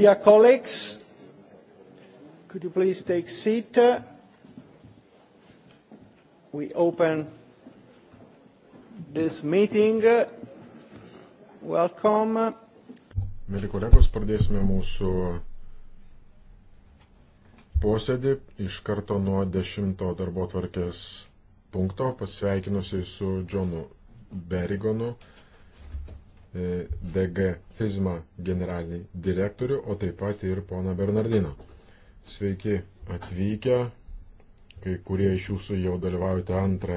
Dear colleagues, could you please take seat? We open this meeting. Welcome. Mėly kolegos, pradėsime mūsų posėdį iš karto nuo 10 darbo tvarkės punkto, pasveikinusi su Džonu Berigonu, E, DG Fizma generalinį direktorių, o taip pat ir poną Bernardiną. Sveiki atvykę, kai kurie iš jūsų jau dalyvaujate antrą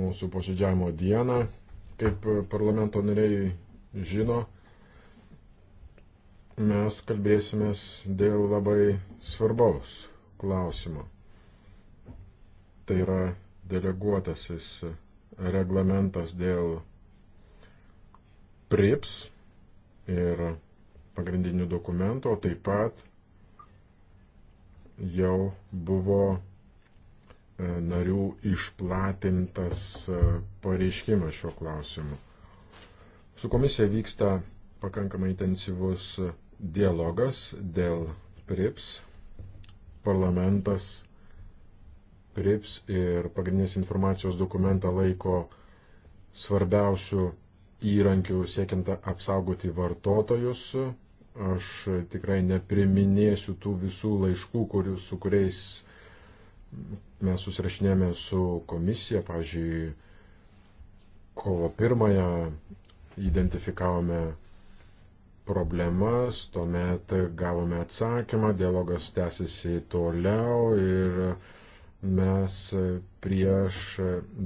mūsų posėdžiavimo dieną. Kaip parlamento nariai žino, mes kalbėsimės dėl labai svarbaus klausimo. Tai yra deleguotasis reglamentas dėl prips ir pagrindinių dokumentų, o taip pat jau buvo e, narių išplatintas e, pareiškimas šiuo klausimu. Su komisija vyksta pakankamai intensyvus dialogas dėl PRIPS. Parlamentas PRIPS ir pagrindinės informacijos dokumentą laiko svarbiausių įrankių siekiant apsaugoti vartotojus. Aš tikrai nepriminėsiu tų visų laiškų, kurių, su kuriais mes susirašinėme su komisija. Pavyzdžiui, kovo pirmąją identifikavome problemas, tuomet gavome atsakymą, dialogas tęsiasi toliau ir mes prieš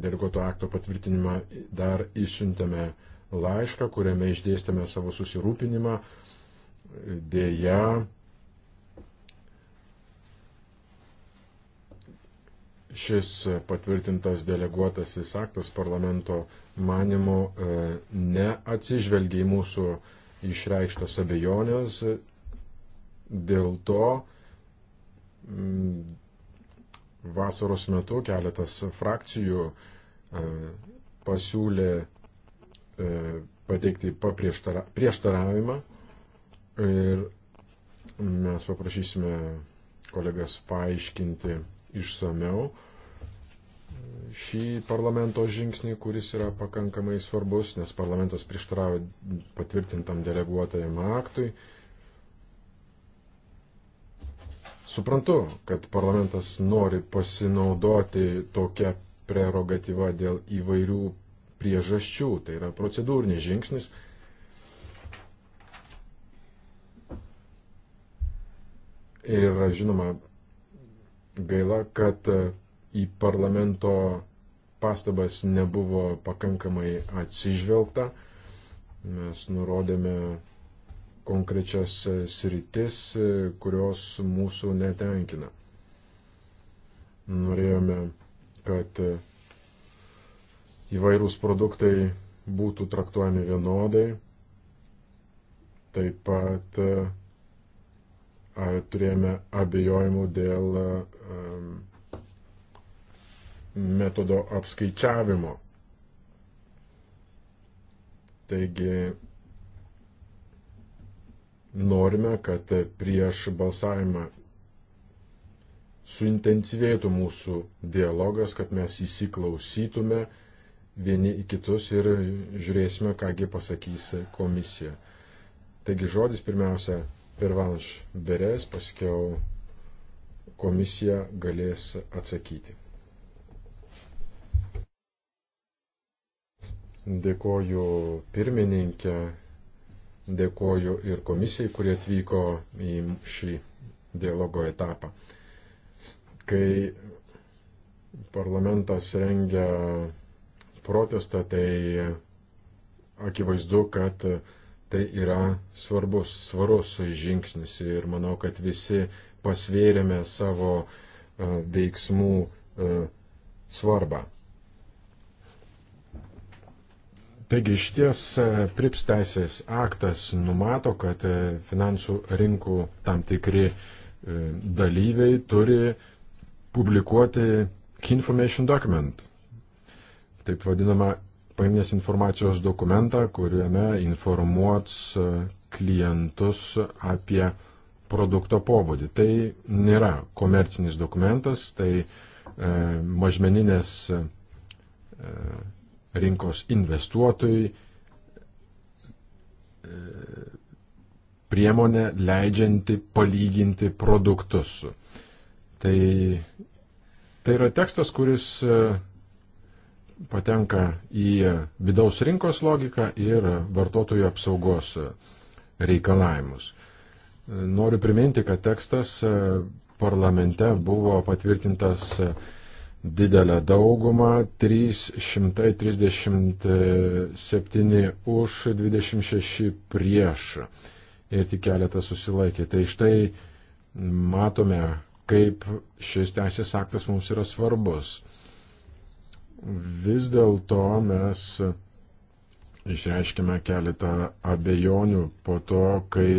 deleguoto akto patvirtinimą dar išsiuntėme laišką, kuriame išdėstėme savo susirūpinimą. Dėja, šis patvirtintas deleguotasis aktas parlamento manimo e, neatsižvelgia į mūsų išreikštas abejonės, dėl to vasaros metu keletas frakcijų e, pasiūlė E, pateikti prieštaravimą ir mes paprašysime kolegas paaiškinti išsameu šį parlamento žingsnį, kuris yra pakankamai svarbus, nes parlamentas prieštaravo patvirtintam deleguotajam aktui. Suprantu, kad parlamentas nori pasinaudoti tokią prerogatyvą dėl įvairių priežasčių, tai yra procedūrinis žingsnis. Ir žinoma, gaila, kad e, į parlamento pastabas nebuvo pakankamai atsižvelgta. Mes nurodėme konkrečias e, sritis, e, kurios mūsų netenkina. Norėjome, kad įvairūs produktai būtų traktuojami vienodai. Taip pat turėjome abejojimų dėl metodo apskaičiavimo. Taigi norime, kad prieš balsavimą suintensyvėtų mūsų dialogas, kad mes įsiklausytume, vieni į kitus ir žiūrėsime, kągi pasakys komisija. Taigi žodis pirmiausia per valanš berės, paskiau komisija galės atsakyti. Dėkoju pirmininkė, dėkoju ir komisijai, kurie atvyko į šį dialogo etapą. Kai parlamentas rengia protestą, tai akivaizdu, kad tai yra svarbus, svarus žingsnis ir manau, kad visi pasvėrėme savo e, veiksmų e, svarbą. Taigi išties e, prips teisės aktas numato, kad finansų rinkų tam tikri dalyviai turi publikuoti Key Information Document taip vadinamą pagrindinės informacijos dokumentą, kuriame informuots e, klientus apie produkto pobūdį. Tai nėra komercinis dokumentas, tai e, mažmeninės e, rinkos investuotojai e, priemonė leidžianti palyginti produktus. Tai, tai yra tekstas, kuris e, patenka į vidaus rinkos logiką ir vartotojų apsaugos reikalavimus. Noriu priminti, kad tekstas parlamente buvo patvirtintas didelę daugumą, 337 už, 26 prieš ir tik keletas susilaikė. Tai štai matome, kaip šis teisės aktas mums yra svarbus vis dėlto mes išreiškime keletą abejonių po to, kai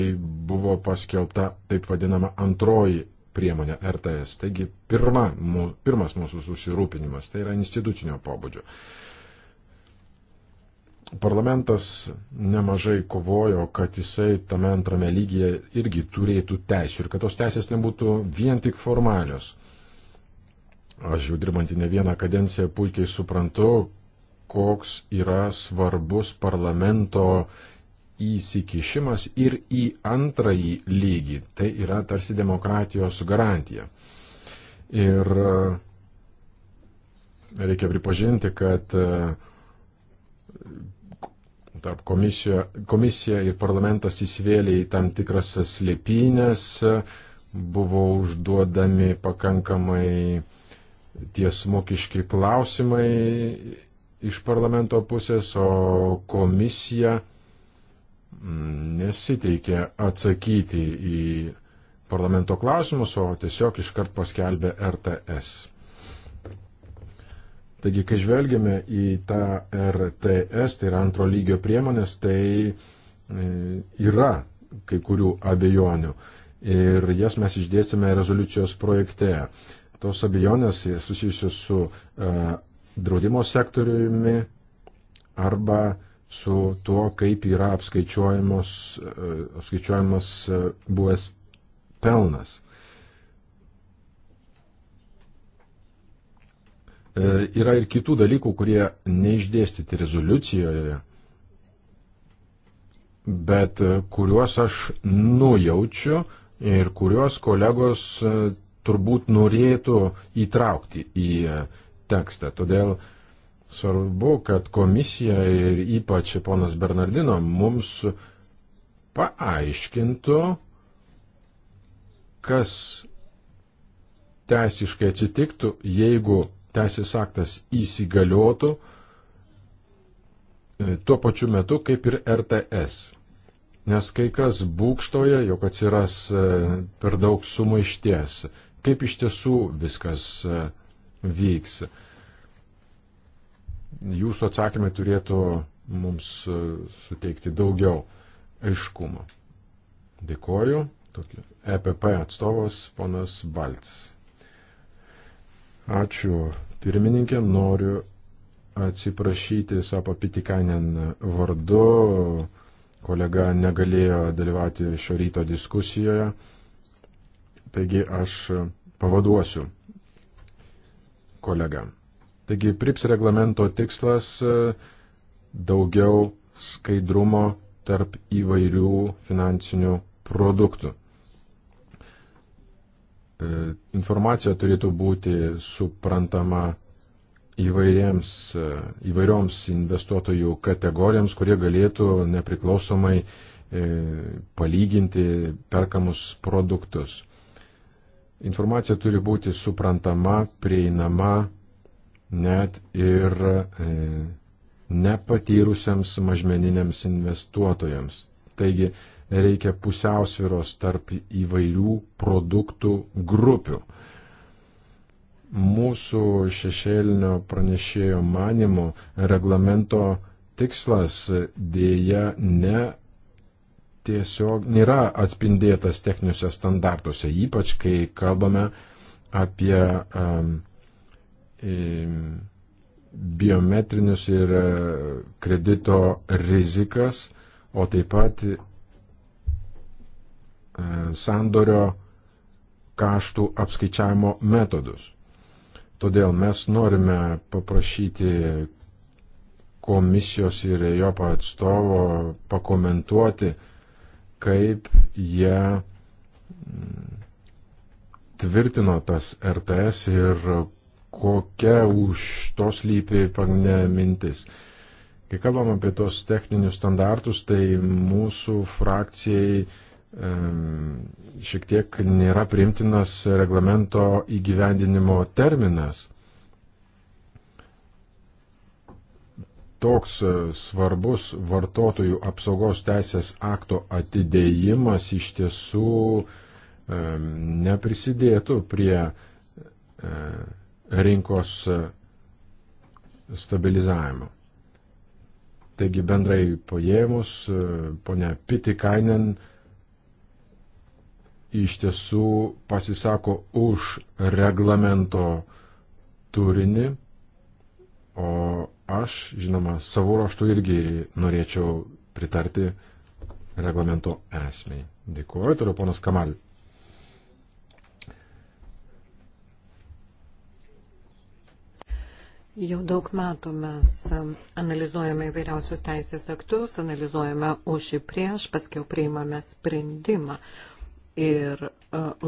buvo paskelbta taip vadinama antroji priemonė RTS. Taigi pirma, mū, pirmas mūsų susirūpinimas tai yra institucinio pobūdžio. Parlamentas nemažai kovojo, kad jisai tame antrame lygyje irgi turėtų teisų ir kad tos teisės nebūtų vien tik formalios. Aš jau dirbantį ne vieną kadenciją puikiai suprantu, koks yra svarbus parlamento įsikišimas ir į antrąjį lygį. Tai yra tarsi demokratijos garantija. Ir e, reikia pripažinti, kad e, tarp komisija, komisija ir parlamentas įsivėlė į tam tikras slėpynės, buvo užduodami pakankamai tiesmokiški klausimai iš parlamento pusės, o komisija nesiteikė atsakyti į parlamento klausimus, o tiesiog iškart paskelbė RTS. Taigi, kai žvelgiame į tą RTS, tai yra antro lygio priemonės, tai e, yra kai kurių abejonių. Ir jas mes išdėstėme rezoliucijos projekte tos abejonės susijusios su e, draudimo sektoriumi arba su tuo, kaip yra apskaičiuojamos, e, apskaičiuojamos e, buvęs pelnas. E, yra ir kitų dalykų, kurie neišdėstyti rezoliucijoje, bet e, kuriuos aš nujaučiu ir kuriuos kolegos e, turbūt norėtų įtraukti į tekstą. Todėl svarbu, kad komisija ir ypač ponas Bernardino mums paaiškintų, kas teisiškai atsitiktų, jeigu teisės aktas įsigaliotų e, tuo pačiu metu kaip ir RTS. Nes kai kas būkštoja, jog atsiras e, per daug sumaišties kaip iš tiesų viskas e, vyks. Jūsų atsakymai turėtų mums e, suteikti daugiau aiškumo. Dėkoju. EPP atstovas ponas Balts. Ačiū pirmininkė, noriu atsiprašyti savo Pitikainen vardu. Kolega negalėjo dalyvauti šio ryto diskusijoje. Taigi aš pavaduosiu kolegą. Taigi PRIPS reglamento tikslas e, daugiau skaidrumo tarp įvairių finansinių produktų. E, informacija turėtų būti suprantama įvairiems, e, įvairioms investuotojų kategorijoms, kurie galėtų nepriklausomai palyginti perkamus produktus. Informacija turi būti suprantama, prieinama net ir e, nepatyrusiems mažmeniniams investuotojams. Taigi reikia pusiausviros tarp įvairių produktų grupių. Mūsų šešėlinio pranešėjo manimo reglamento tikslas dėja ne tiesiog nėra atspindėtas techniniuose standartuose, ypač kai kalbame apie um, biometrinius ir e, kredito rizikas, o taip pat e, sandorio kaštų apskaičiavimo metodus. Todėl mes norime paprašyti komisijos ir jo atstovo pakomentuoti, kaip jie mm, tvirtino tas RTS ir kokia už to slypi pagrindinė mintis. Kai kalbam apie tos techninius standartus, tai mūsų frakcijai šiek tiek nėra primtinas reglamento įgyvendinimo terminas. toks e, svarbus vartotojų apsaugos teisės akto atidėjimas iš tiesų e, neprisidėtų prie e, rinkos stabilizavimo. Taigi bendrai paėmus, ponia Pitikainen iš tiesų pasisako už reglamento turinį, o Aš, žinoma, savo ruoštų irgi norėčiau pritarti reglamento esmiai. Dėkuoju, turiu ponas Kamal. Jau daug metų mes analizuojame įvairiausius teisės aktus, analizuojame už ir prieš, paskiau priimame sprendimą. Ir e,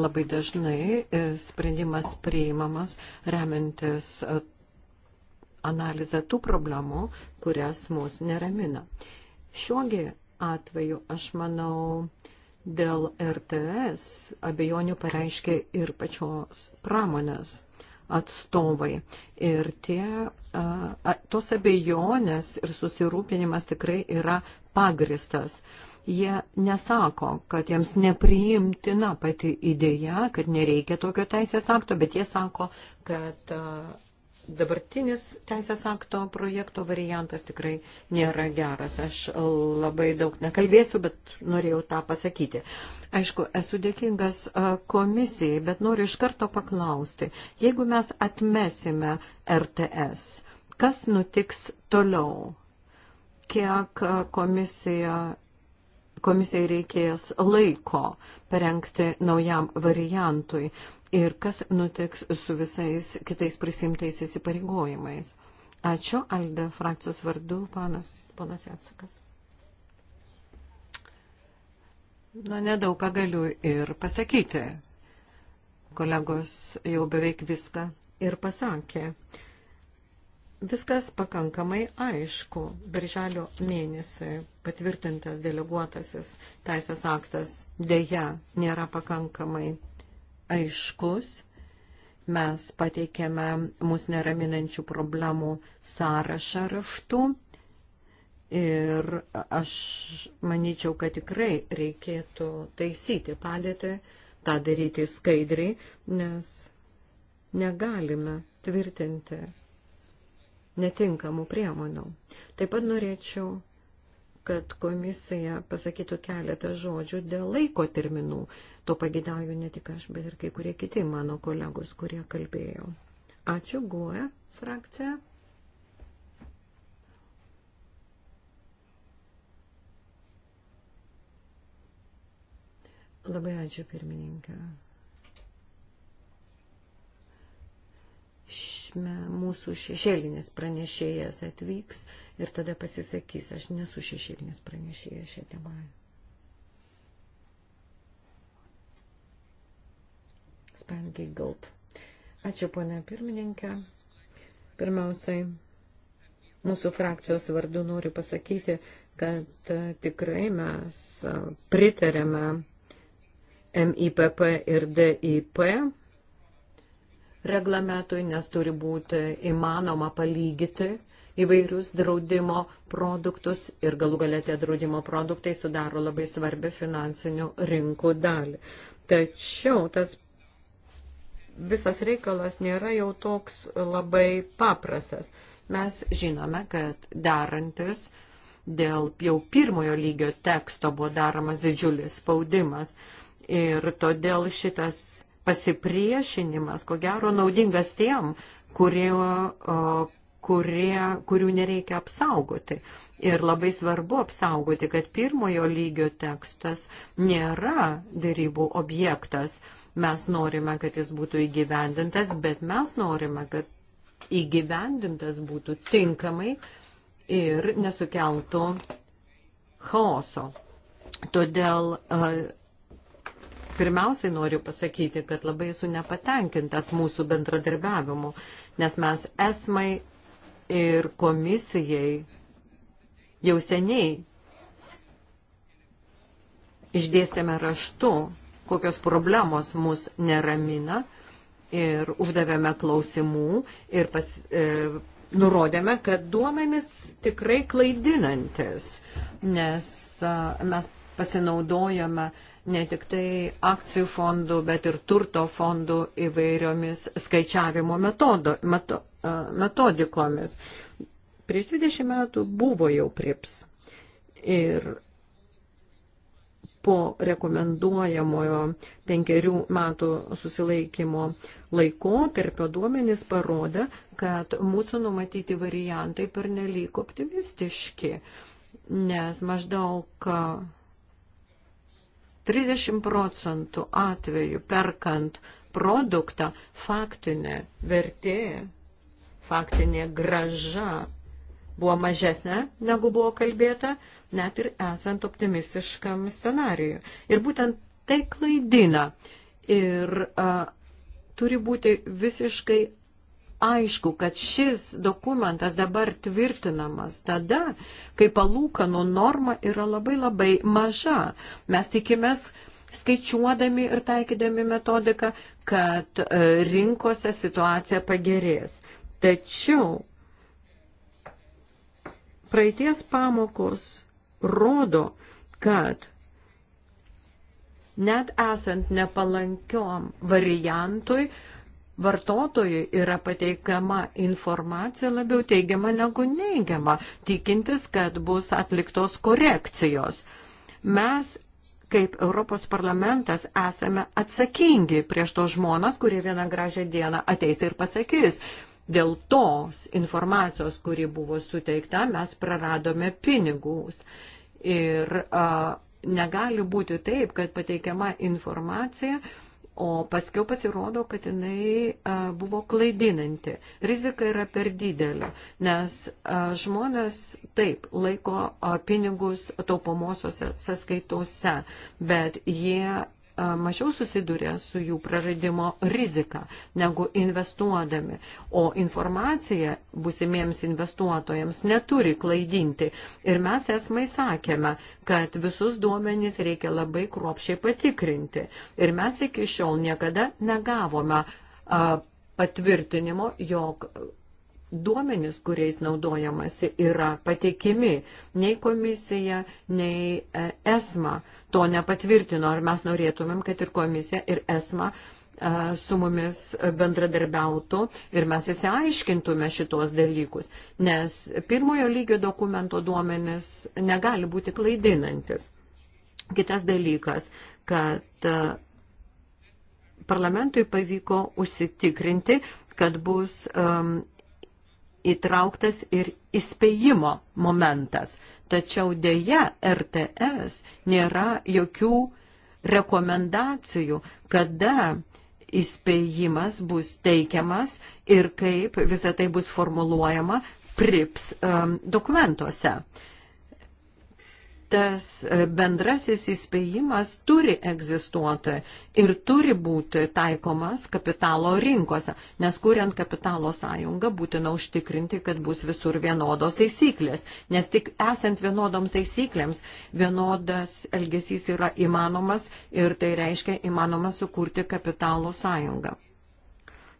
labai dažnai e, sprendimas priimamas remintis e, analizę tų problemų, kurias mus neramina. Šiuogi atveju, aš manau, dėl RTS abejonių pareiškė ir pačios pramonės atstovai. Ir tie, a, tos abejonės ir susirūpinimas tikrai yra pagristas. Jie nesako, kad jiems nepriimtina pati idėja, kad nereikia tokio teisės akto, bet jie sako, kad a, dabartinis teisės akto projekto variantas tikrai nėra geras. Aš labai daug nekalbėsiu, bet norėjau tą pasakyti. Aišku, esu dėkingas komisijai, bet noriu iš karto paklausti, jeigu mes atmesime RTS, kas nutiks toliau? Kiek komisija komisijai reikės laiko parengti naujam variantui ir kas nutiks su visais kitais prisimtais įsipareigojimais. Ačiū, Alde frakcijos vardu, panas, panas Jatsikas. Na, nedaug ką galiu ir pasakyti. Kolegos jau beveik viską ir pasakė. Viskas pakankamai aišku. Birželio mėnesį patvirtintas deleguotasis teisės aktas dėja nėra pakankamai aiškus. Mes pateikėme mus neraminančių problemų sąrašą raštų. Ir aš manyčiau, kad tikrai reikėtų taisyti padėtį, tą daryti skaidriai, nes negalime tvirtinti netinkamų priemonių. Taip pat norėčiau, kad komisija pasakytų keletą žodžių dėl laiko terminų, To pagidauju ne tik aš, bet ir kai kurie kiti mano kolegos, kurie kalbėjo. Ačiū, Guoja frakcija. Labai ačiū pirmininkė. Šme, mūsų šešėlinis pranešėjas atvyks ir tada pasisakys, aš nesu šešėlinis pranešėjas šią temą. Sven Giggled. Ačiū, ponė pirmininkė. Pirmiausiai, mūsų frakcijos vardu noriu pasakyti, kad e, tikrai mes e, pritarėme MIPP ir DIP reglamentui, nes turi būti įmanoma palygyti įvairius draudimo produktus ir galų galę tie draudimo produktai sudaro labai svarbią finansinių rinkų dalį. Tačiau tas visas reikalas nėra jau toks labai paprastas. Mes žinome, kad darantis dėl jau pirmojo lygio teksto buvo daromas didžiulis spaudimas ir todėl šitas pasipriešinimas, ko gero, naudingas tiem, kurie, kurie, kurių nereikia apsaugoti. Ir labai svarbu apsaugoti, kad pirmojo lygio tekstas nėra dėrybų objektas Mes norime, kad jis būtų įgyvendintas, bet mes norime, kad įgyvendintas būtų tinkamai ir nesukeltų chaoso. Todėl pirmiausiai noriu pasakyti, kad labai esu nepatenkintas mūsų bendradarbiavimu, nes mes esmai ir komisijai jau seniai išdėstėme raštu kokios problemos mus neramina ir uždavėme klausimų ir pas, e, nurodėme, kad duomenis tikrai klaidinantis, nes a, mes pasinaudojame ne tik tai akcijų fondų, bet ir turto fondų įvairiomis skaičiavimo metodo, meto, a, metodikomis. Prieš 20 metų buvo jau prips. Ir po rekomenduojamojo penkerių metų susilaikymo laiko tarpio duomenys parodė, kad mūsų numatyti variantai per nelik optimistiški, nes maždaug 30 procentų atvejų perkant produktą faktinė vertė, faktinė graža buvo mažesnė negu buvo kalbėta, net ir esant optimistiškam scenarijui. Ir būtent tai klaidina. Ir a, turi būti visiškai aišku, kad šis dokumentas dabar tvirtinamas tada, kai palūkanų norma yra labai labai maža. Mes tikimės, skaičiuodami ir taikydami metodiką, kad e, rinkose situacija pagerės. Tačiau praeities pamokos rodo, kad net esant nepalankiom variantui, vartotojui yra pateikama informacija labiau teigiama negu neigiama, tikintis, kad bus atliktos korekcijos. Mes kaip Europos parlamentas esame atsakingi prieš tos žmonas, kurie vieną gražią dieną ateis ir pasakys, Dėl tos informacijos, kuri buvo suteikta, mes praradome pinigus. Ir a, negali būti taip, kad pateikiama informacija, o paskiau pasirodo, kad jinai a, buvo klaidinanti. Rizika yra per didelė, nes a, žmonės taip laiko a, pinigus taupomosiose sąskaitose, bet jie a, mažiau susiduria su jų praradimo rizika negu investuodami, o informacija busimiems investuotojams neturi klaidinti. Ir mes esmai sakėme, kad visus duomenys reikia labai kruopšiai patikrinti. Ir mes iki šiol niekada negavome a, patvirtinimo, jog duomenys, kuriais naudojamasi, yra patikimi nei komisija, nei e, esma. E, to nepatvirtino. Ar mes norėtumėm, kad ir komisija, ir esma su mumis bendradarbiautų ir mes įsiaiškintume šitos dalykus, nes pirmojo lygio dokumento duomenis negali būti klaidinantis. Kitas dalykas, kad parlamentui pavyko užsitikrinti, kad bus um, įtrauktas ir įspėjimo momentas. Uh, Tačiau dėja RTS nėra jokių rekomendacijų, kada įspėjimas bus teikiamas ir kaip visą tai bus formuluojama PRIPS um, dokumentuose tas e, bendrasis įspėjimas turi egzistuoti ir turi būti taikomas kapitalo rinkose, nes kuriant kapitalo sąjungą būtina užtikrinti, kad bus visur vienodos taisyklės, nes tik esant vienodoms taisyklėms vienodas elgesys yra įmanomas ir tai reiškia įmanoma sukurti kapitalo sąjungą.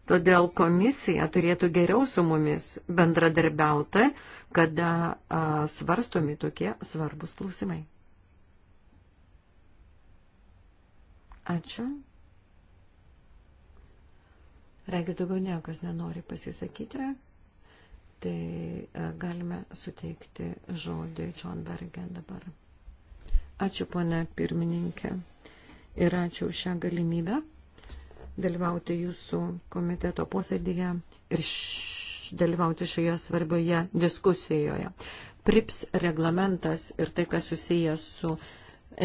Todėl komisija turėtų geriau su mumis bendradarbiauti kada a, svarstomi tokie svarbus klausimai. Ačiū. Regis daugiau niekas nenori pasisakyti, tai a, galime suteikti žodį John Bergen dabar. Ačiū, ponė pirmininkė, ir ačiū šią galimybę dalyvauti jūsų komiteto posėdėje ir š dalyvauti šioje svarbioje diskusijoje. PRIPS reglamentas ir tai, kas susijęs su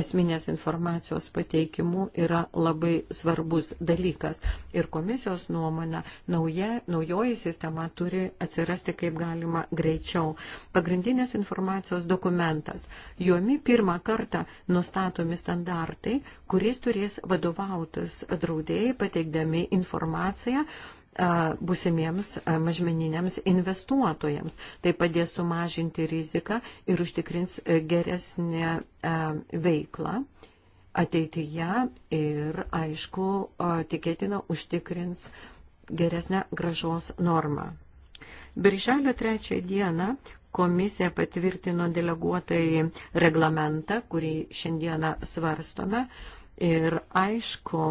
esminės informacijos pateikimu yra labai svarbus dalykas. Ir komisijos nuomonė, nauja, naujoji sistema turi atsirasti kaip galima greičiau. Pagrindinės informacijos dokumentas. Juomi pirmą kartą nustatomi standartai, kuriais turės vadovautis draudėjai pateikdami informaciją busimiems mažmeniniams investuotojams. Tai padės sumažinti riziką ir užtikrins geresnę veiklą ateityje ir, aišku, tikėtina užtikrins geresnę gražos normą. Birželio trečią dieną komisija patvirtino deleguotai reglamentą, kurį šiandieną svarstome. Ir aišku,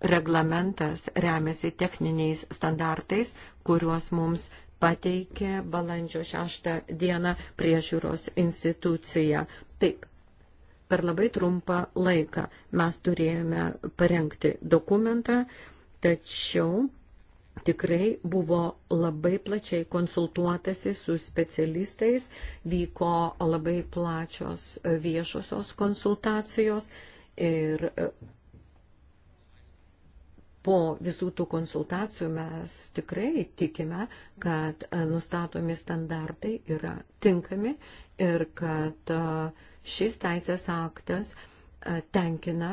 reglamentas remiasi techniniais standartais, kuriuos mums pateikė balandžio 6 dieną priežiūros institucija. Taip, per labai trumpą laiką mes turėjome parengti dokumentą, tačiau tikrai buvo labai plačiai konsultuotasi su specialistais, vyko labai plačios viešosios konsultacijos ir Po visų tų konsultacijų mes tikrai tikime, kad e, nustatomi standartai yra tinkami ir kad e, šis teisės aktas e, tenkina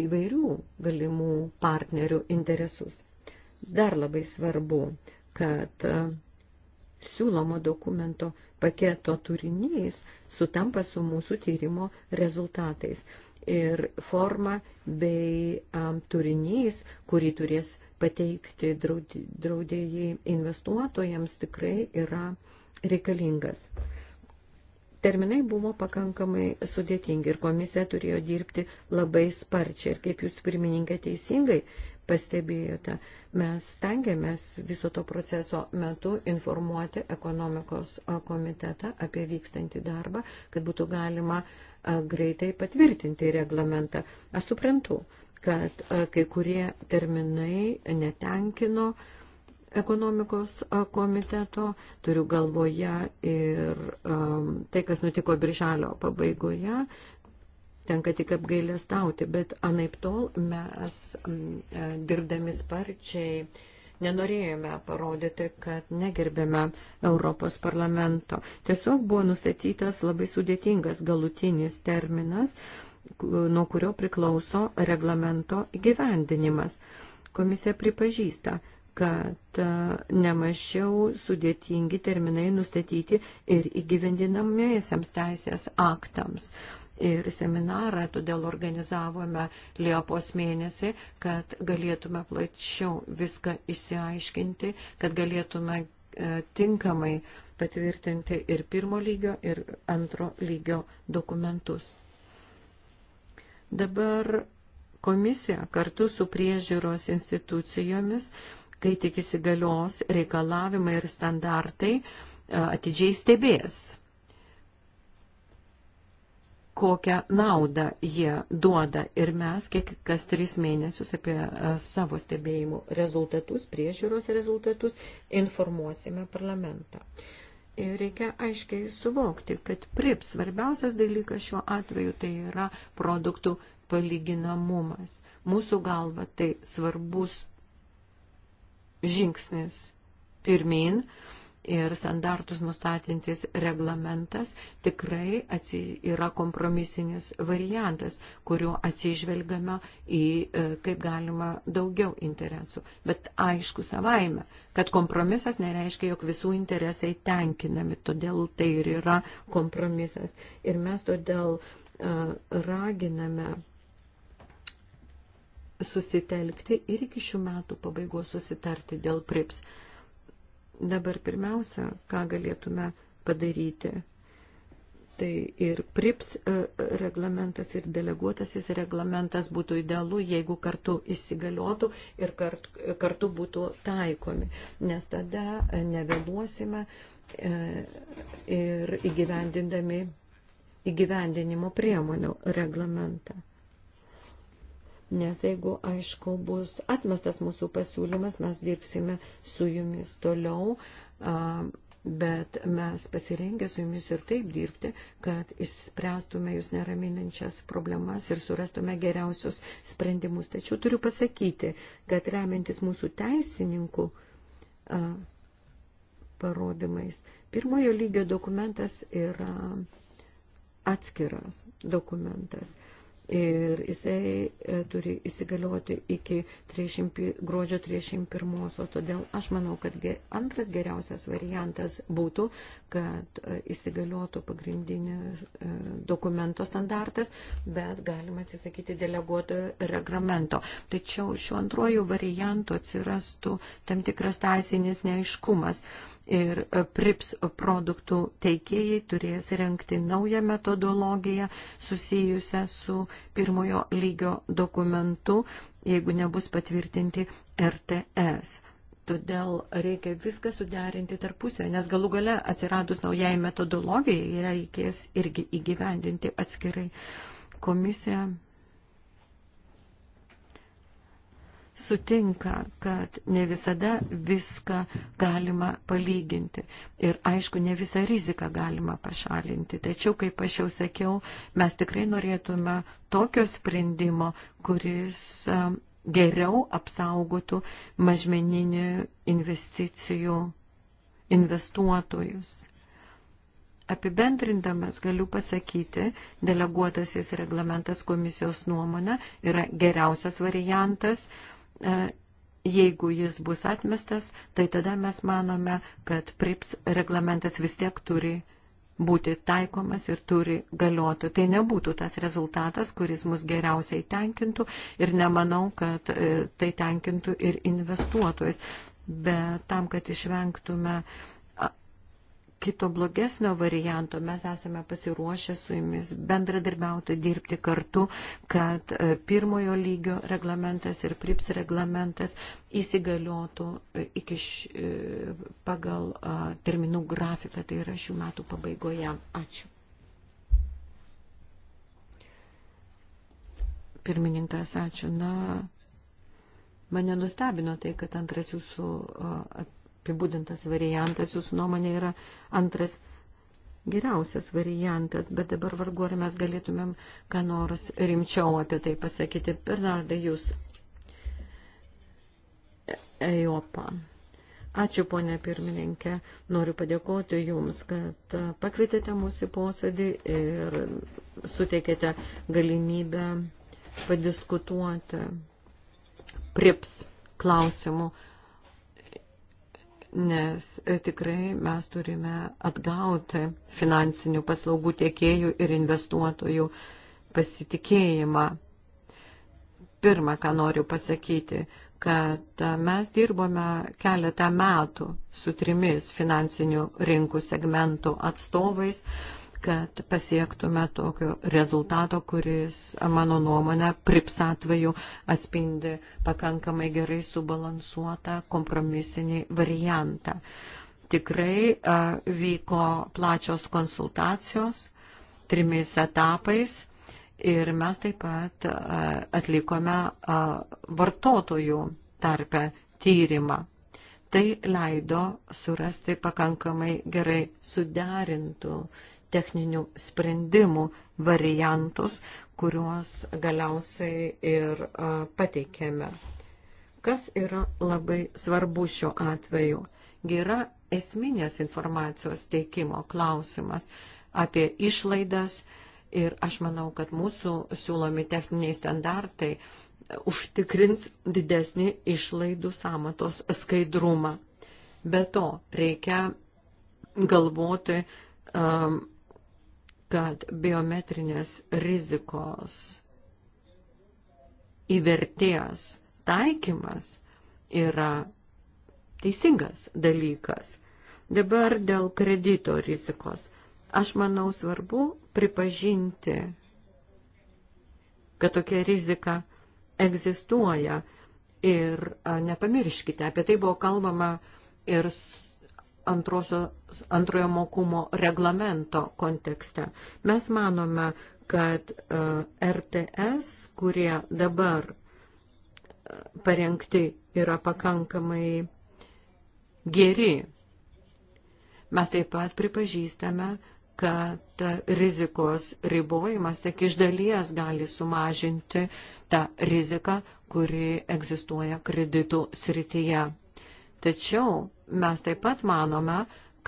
įvairių galimų partnerių interesus. Dar labai svarbu, kad siūlomo dokumento paketo turinys sutampa su mūsų tyrimo rezultatais ir forma bei um, turinys, kurį turės pateikti draudėjai investuotojams, tikrai yra reikalingas. Terminai buvo pakankamai sudėtingi ir komisija turėjo dirbti labai sparčiai. Ir kaip jūs pirmininkė teisingai pastebėjote, mes stengiamės viso to proceso metu informuoti ekonomikos komitetą apie vykstantį darbą, kad būtų galima uh, greitai patvirtinti reglamentą. Aš suprantu, kad kai kurie terminai netenkino ekonomikos komiteto, turiu galvoje ir um, tai, kas nutiko birželio pabaigoje, tenka tik apgailę stauti, bet anaip tol mes um, dirbdami sparčiai uh, Nenorėjome parodyti, kad negerbėme Europos parlamento. Tiesiog buvo nustatytas labai sudėtingas galutinis terminas, nuo kurio priklauso reglamento įgyvendinimas. Komisija pripažįsta, kad e, nemažiau sudėtingi terminai nustatyti ir įgyvendinamiesiams teisės aktams ir seminarą, todėl organizavome Liepos mėnesį, kad galėtume plačiau viską išsiaiškinti, kad galėtume e, tinkamai patvirtinti ir pirmo lygio, ir antro lygio dokumentus. Dabar komisija kartu su priežiūros institucijomis, kai tik įsigalios reikalavimai ir standartai, e, atidžiai stebės kokią naudą jie duoda. Ir mes kiek kas tris mėnesius apie e, savo stebėjimų rezultatus, priežiūros rezultatus informuosime parlamentą. Ir reikia aiškiai suvokti, kad prip svarbiausias dalykas šiuo atveju tai yra produktų palyginamumas. Mūsų galva tai svarbus žingsnis pirmin. Uh, ir standartus nustatintis reglamentas tikrai yra kompromisinis variantas, kuriuo atsižvelgiame į e, kaip galima daugiau interesų. Bet aišku savaime, kad kompromisas nereiškia, jog visų interesai tenkinami, todėl tai ir yra kompromisas. Ir mes todėl uh, raginame susitelkti ir iki šių metų pabaigos susitarti dėl prips. Uh, Dabar pirmiausia, ką galėtume padaryti, tai ir PRIPS e, reglamentas, ir deleguotasis reglamentas būtų idealu, jeigu kartu įsigaliotų ir kartu būtų taikomi, nes tada e, nevėluosime e, ir įgyvendindami įgyvendinimo priemonių reglamentą nes jeigu, aišku, bus atmestas mūsų pasiūlymas, mes dirbsime su jumis toliau, bet mes pasirengę su jumis ir taip dirbti, kad išspręstume jūs neraminančias problemas ir surastume geriausius sprendimus. Tačiau turiu pasakyti, kad remiantis mūsų teisininkų parodymais, pirmojo lygio dokumentas yra atskiras dokumentas. Uh, ir jisai e, turi įsigalioti iki 30, gruodžio 31-osios. Todėl aš manau, kad antras geriausias variantas būtų, kad e, įsigaliotų pagrindinė e, dokumento standartas, bet galima atsisakyti deleguotojo reglamento. Tačiau šiuo antrojų variantu atsirastų tam tikras teisinis neaiškumas ir PRIPS produktų teikėjai turės renkti naują metodologiją susijusią su pirmojo lygio dokumentu, jeigu nebus patvirtinti RTS. Todėl reikia viską suderinti tarpusę, nes galų gale atsiradus naujai metodologijai reikės irgi įgyvendinti atskirai. Komisija sutinka, kad ne visada viską galima palyginti. Ir aišku, ne visą riziką galima pašalinti. Tačiau, kaip aš jau sakiau, mes tikrai norėtume tokio sprendimo, kuris um, geriau apsaugotų mažmeninių investicijų investuotojus. Apibendrindamas galiu pasakyti, deleguotasis reglamentas komisijos nuomonė yra geriausias variantas, E, jeigu jis bus atmestas, tai tada mes manome, kad PRIPS reglamentas vis tiek turi būti taikomas ir turi galioti. Tai nebūtų tas rezultatas, kuris mus geriausiai tenkintų ir nemanau, kad e, tai tenkintų ir investuotojus. Bet tam, kad išvengtume uh, kito blogesnio varianto mes esame pasiruošę su jumis bendradarbiauti, dirbti kartu, kad e, pirmojo lygio reglamentas ir prips reglamentas įsigaliotų e, iki š, e, pagal terminų grafiką, tai yra šių metų pabaigoje. Ačiū. Pirmininkas, ačiū. Na, mane nustebino tai, kad antras jūsų apibūdintas variantas, jūsų nuomonė yra antras geriausias variantas, bet dabar vargu ar mes galėtumėm ką nors rimčiau apie tai pasakyti. Bernardai, jūs Ejopa. Ačiū, ponė pirmininkė. Noriu padėkoti Jums, kad pakvietėte mūsų posėdį ir suteikėte galimybę padiskutuoti prips klausimų nes e, tikrai mes turime atgauti finansinių paslaugų tiekėjų ir investuotojų pasitikėjimą. Pirma, ką noriu pasakyti, kad e, mes dirbome keletą metų su trimis finansinių rinkų segmentų atstovais, kad pasiektume tokio rezultato, kuris, mano nuomonė, prips atveju atspindi pakankamai gerai subalansuotą kompromisinį variantą. Tikrai uh, vyko plačios konsultacijos trimis etapais ir mes taip pat uh, atlikome uh, vartotojų tarpę tyrimą. Tai leido surasti pakankamai gerai suderintų techninių sprendimų variantus, kuriuos galiausiai ir pateikėme. Kas yra labai svarbu šiuo atveju? Yra esminės informacijos teikimo klausimas apie išlaidas ir aš manau, kad mūsų siūlomi techniniai standartai e, užtikrins didesnį išlaidų samatos skaidrumą. Be to, reikia galvoti um, kad biometrinės rizikos įvertės taikymas yra teisingas dalykas. Dabar dėl kredito rizikos. Aš manau svarbu pripažinti, kad tokia rizika egzistuoja ir nepamirškite, apie tai buvo kalbama ir antrosio, antrojo mokumo reglamento kontekste. Mes manome, kad e, RTS, kurie dabar e, parengti yra pakankamai geri. Mes taip pat pripažįstame, kad rizikos ribojimas tik iš dalies gali sumažinti tą riziką, kuri egzistuoja kreditų srityje. Tačiau mes taip pat manome,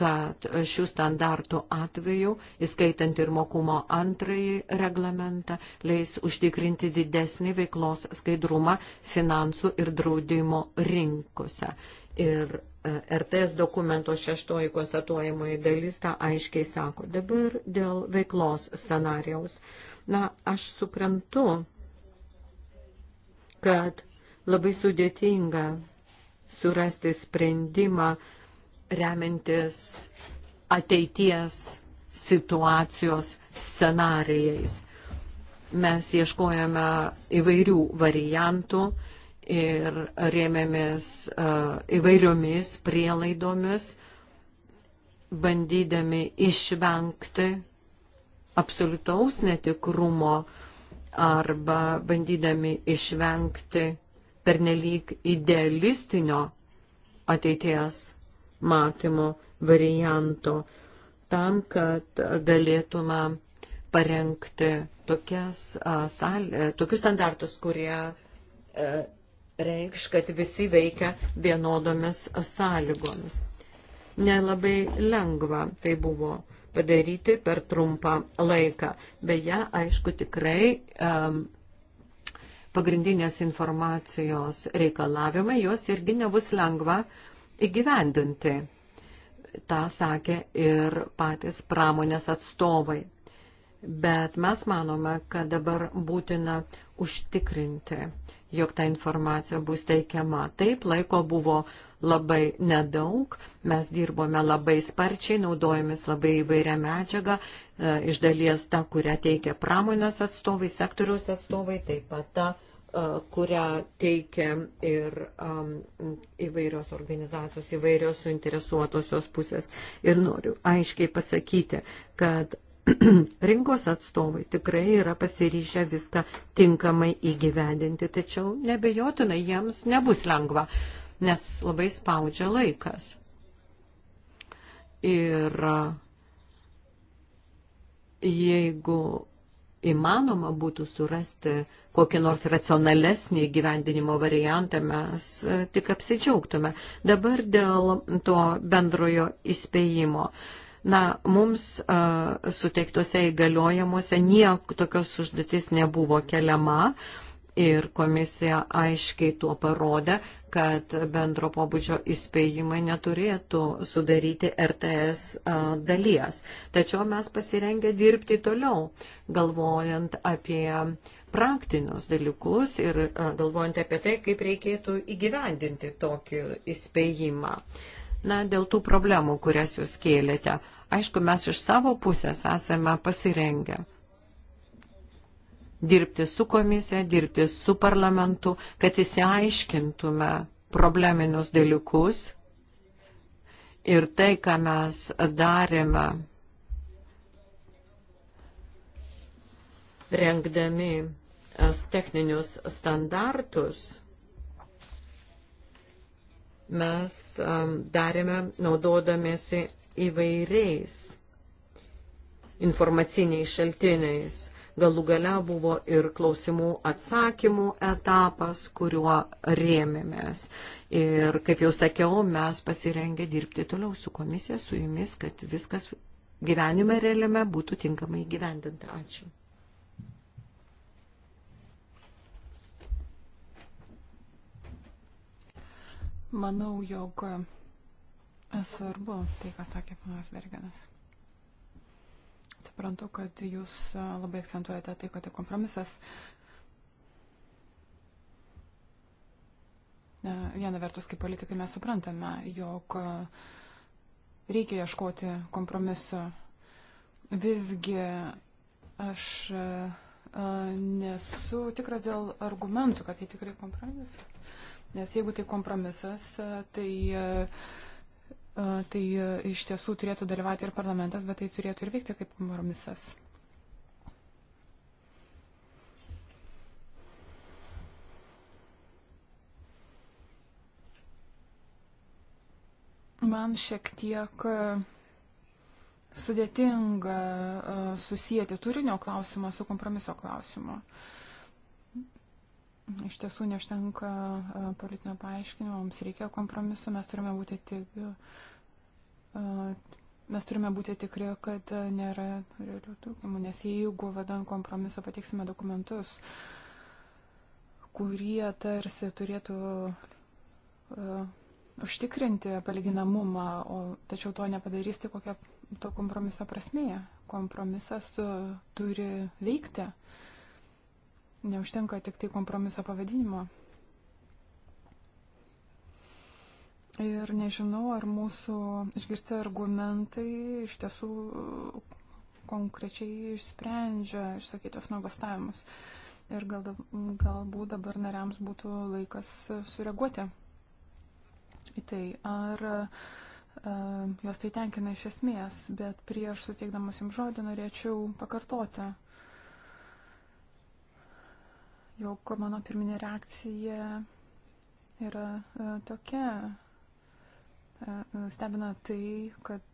kad šių standartų atveju, įskaitant ir mokumo antrąjį reglamentą, leis užtikrinti didesnį veiklos skaidrumą finansų ir draudimo rinkose. Ir e, RTS dokumento šeštoji konstatuojamoji dalis tą aiškiai sako. Dabar dėl veiklos scenarijaus. Na, aš suprantu, kad labai sudėtinga surasti sprendimą remiantis ateities situacijos scenarijais. Mes ieškojame įvairių variantų ir rėmėmės e, įvairiomis prielaidomis, bandydami išvengti absoliutaus netikrumo arba bandydami išvengti pernelyg idealistinio ateities matymo varianto, tam, kad galėtume parengti tokias, salė, e, tokius standartus, kurie e, reikš, kad visi veikia vienodomis sąlygomis. Nelabai lengva tai buvo padaryti per trumpą laiką. Beje, aišku, tikrai um, pagrindinės informacijos reikalavimai, juos irgi nebus lengva įgyvendinti. Ta sakė ir patys pramonės atstovai bet mes manome, kad dabar būtina užtikrinti, jog ta informacija bus teikiama. Taip, laiko buvo labai nedaug, mes dirbome labai sparčiai, naudojomis labai įvairią medžiagą, e, iš dalies tą, kurią teikia pramonės atstovai, sektoriaus atstovai, taip pat tą, e, kurią teikia ir um, įvairios organizacijos, įvairios suinteresuotosios pusės. Ir noriu aiškiai pasakyti, kad rinkos atstovai tikrai yra pasiryžę viską tinkamai įgyvendinti, tačiau nebejotinai jiems nebus lengva, nes labai spaudžia laikas. Ir jeigu įmanoma būtų surasti kokį nors racionalesnį gyvendinimo variantą, mes tik apsidžiaugtume. Dabar dėl to bendrojo įspėjimo. Uh, Na, mums uh, suteiktuose įgaliojimuose nieko tokios užduotis nebuvo keliama ir komisija aiškiai tuo parodė, kad bendro pobūdžio įspėjimai neturėtų sudaryti RTS uh, dalies. Tačiau mes pasirengę dirbti toliau, galvojant apie praktinius dalykus ir galvojant apie tai, kaip reikėtų įgyvendinti tokį įspėjimą. Uh, Na, dėl tų problemų, kurias jūs kėlėte. Aišku, mes iš savo pusės esame pasirengę dirbti su komisija, dirbti su parlamentu, kad įsiaiškintume probleminius dalykus ir tai, ką mes darėme rengdami e, techninius standartus mes um, darėme naudodamėsi įvairiais informaciniais šaltiniais. Galų gale buvo ir klausimų atsakymų etapas, kuriuo rėmėmės. Ir, kaip jau sakiau, mes pasirengę dirbti toliau su komisija, su jumis, kad viskas gyvenime realiame būtų tinkamai gyvendinta. Ačiū. Manau, jog svarbu tai, ką sakė panas Bergenas. Suprantu, kad jūs labai akcentuojate tai, kad tai kompromisas. E, viena vertus, kaip politikai mes suprantame, jog reikia ieškoti kompromiso. Visgi aš e, e, nesu tikras dėl argumentų, kad tai tikrai kompromisas. Nes jeigu tai kompromisas, e, tai, e, e, tai iš tiesų turėtų dalyvauti ir parlamentas, bet tai turėtų ir veikti kaip kompromisas. Man šiek tiek sudėtinga susijęti turinio klausimą su kompromiso klausimu. Uh, Iš tiesų neštenka e, politinio paaiškinimo, mums reikia kompromisu, mes turime būti tik. E, mes turime būti tikri, kad e, nėra realių trūkumų, nes jeigu vadant kompromisą patiksime dokumentus, kurie tarsi turėtų uh, užtikrinti palyginamumą, o, tačiau to nepadarys, tai kokia to kompromiso prasmėje. Kompromisas tu, turi veikti. Uh, neužtenka tik tai kompromiso pavadinimo. Ir nežinau, ar mūsų išgirsti argumentai iš tiesų konkrečiai išsprendžia išsakytos nuogastavimus. Ir gal, galbūt dabar nariams būtų laikas sureaguoti į tai, ar uh, jos tai tenkina iš esmės. Bet prieš suteikdamas jums žodį norėčiau pakartoti uh, jog mano pirminė reakcija yra e, tokia. E, e, stebina tai, kad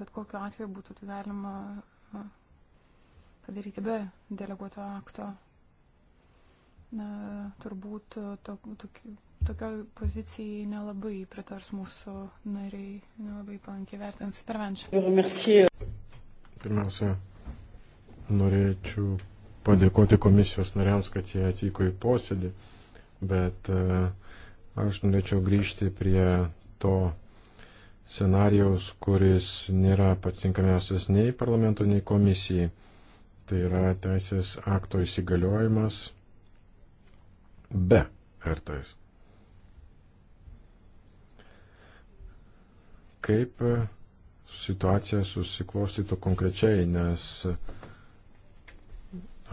bet kokiu atveju būtų tai galima padaryti be deleguoto akto. Na, turbūt to, to, tokioj pozicijai nelabai pritars mūsų nariai, nelabai palankiai vertins. Pirmiausia, Norėčiau padėkoti komisijos nariams, kad jie atvyko į posėdį, bet e, aš norėčiau grįžti prie to scenarijaus, kuris nėra pats tinkamiausias nei parlamento, nei komisijai. Tai yra teisės akto įsigaliojimas be RTS. Kaip e, situacija susiklostytų konkrečiai, nes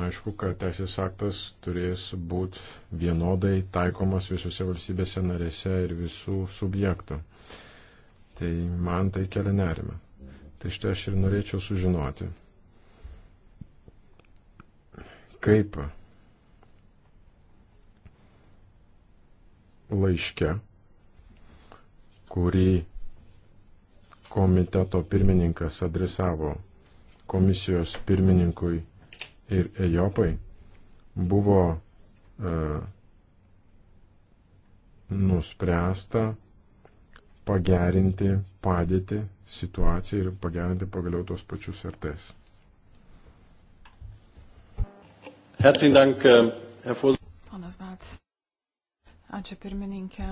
Aišku, kad teisės aktas turės būti vienodai taikomas visose valstybėse narėse ir visų subjektų. Tai man tai kelia nerima. Tai štai aš ir norėčiau sužinoti, kaip laiške, kurį komiteto pirmininkas adresavo komisijos pirmininkui ir Ejopai buvo e, nuspręsta pagerinti padėtį, situaciją ir pagerinti pagaliau tos pačius artes. Herzlichen Dank, äh, Herr Vorsitzender. Ačiū pirmininkė.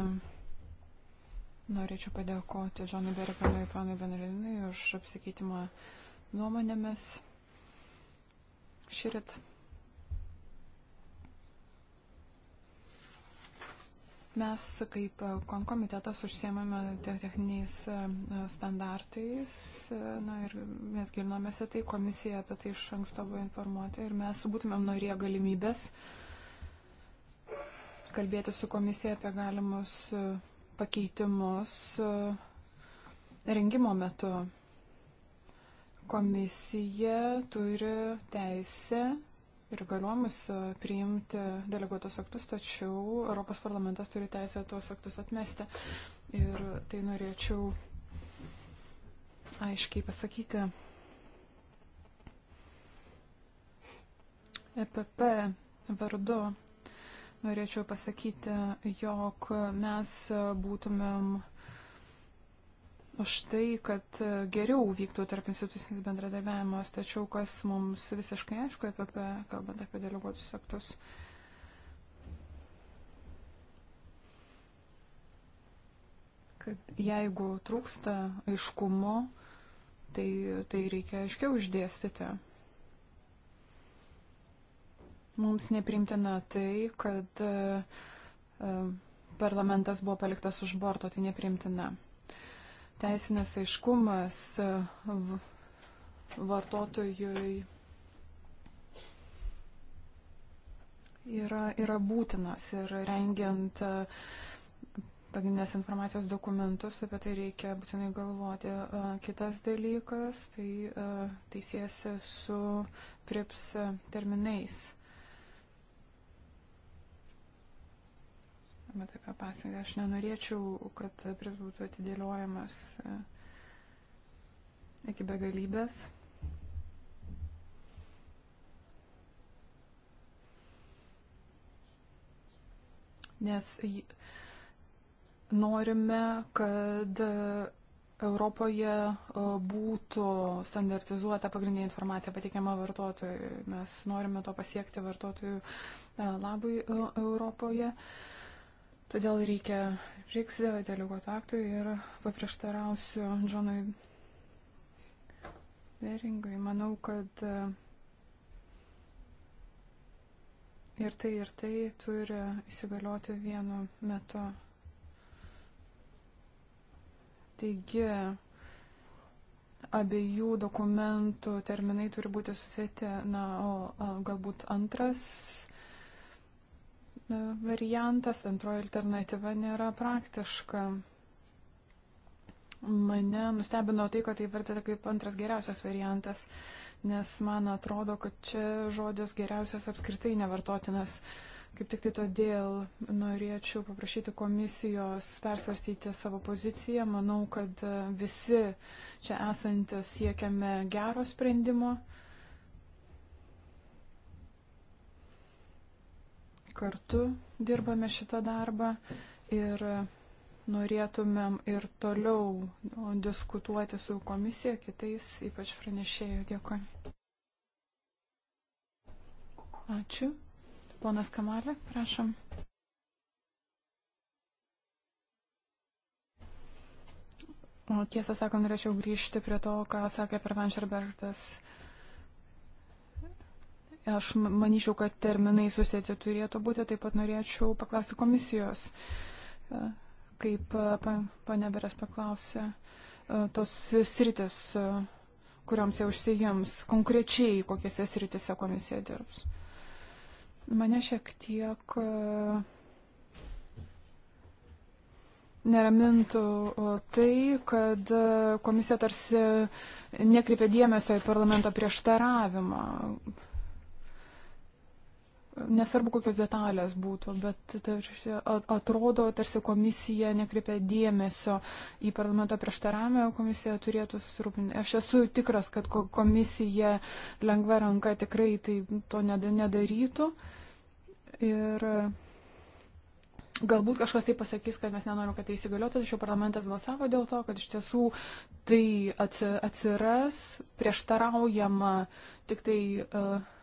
Norėčiau padėkoti Žonui Berikanui ir panui Benrinui už apsikeitimą nuomonėmis širit. Mes kaip konkomitetas užsiemame techniniais e, standartais e, na, ir mes gilinomės į tai, komisija apie tai iš anksto buvo informuota ir mes būtumėm norėję galimybės kalbėti su komisija apie galimus e, pakeitimus rengimo metu. Komisija turi teisę ir galiomus e, priimti deleguotos aktus, tačiau Europos parlamentas turi teisę tuos aktus atmesti. Ir tai norėčiau aiškiai pasakyti. EPP vardu norėčiau pasakyti, jog mes būtumėm uh, už tai, kad geriau vyktų tarp institucinis bendradarbiavimas, tačiau kas mums visiškai aišku apie, kalbant apie deleguotus aktus. kad jeigu trūksta aiškumo, tai, tai reikia aiškiau išdėstyti. Mums neprimtina tai, kad uh, parlamentas buvo paliktas už borto, tai neprimtina. Uh, teisinės aiškumas vartotojui yra, yra būtinas ir rengiant e, pagrindinės informacijos dokumentus apie tai reikia būtinai galvoti. E, kitas dalykas, tai e, teisėsi su prips terminais. Bet tai apie pasangą aš nenorėčiau, kad būtų atidėliojamas e, iki begalybės. Nes norime, kad e, Europoje e, būtų standartizuota pagrindinė informacija pateikiama vartotojui. Mes norime to pasiekti vartotojų labui Europoje. Uh, Todėl reikia reiks dėl deleguotų aktų ir paprieštarausiu Džonui Beringui. Manau, kad e, ir tai, ir tai turi įsigalioti vienu metu. Taigi, abiejų dokumentų terminai turi būti susėti, na, o, o galbūt antras variantas, antroji alternatyva nėra praktiška. Mane nustebino tai, kad tai vertėte kaip antras geriausias variantas, nes man atrodo, kad čia žodis geriausias apskritai nevartotinas. Kaip tik tai todėl norėčiau paprašyti komisijos persvarstyti savo poziciją. Manau, kad visi čia esantis siekiame gero sprendimo. Uh, kartu dirbame šitą darbą ir norėtumėm ir toliau diskutuoti su komisija, kitais, ypač pranešėjų. Dėkui. Ačiū. Ponas Kamalė, prašom. O tiesą sakant, norėčiau grįžti prie to, ką sakė Pervanšerbertas. Uh, Aš manyčiau, kad terminai susėti turėtų būti. Taip pat norėčiau paklausti komisijos, e, kaip e, pane Beres paklausė, e, tos sritis, kuriams jie užsijams, konkrečiai kokiuose sritise komisija dirbs. Mane šiek tiek neramintų tai, kad komisija tarsi nekreipia dėmesio į parlamento prieštaravimą nesvarbu kokios detalės būtų, bet tarsi, atrodo, tarsi komisija nekreipia dėmesio į parlamento prieštaravimą, komisija turėtų susirūpinti. Aš esu tikras, kad komisija lengva ranka tikrai tai to nedarytų. Ir galbūt kažkas tai pasakys, kad mes nenorim, kad tai įsigaliotų, tačiau parlamentas balsavo dėl to, kad iš tiesų tai atsiras prieštaraujama tik tai. Uh,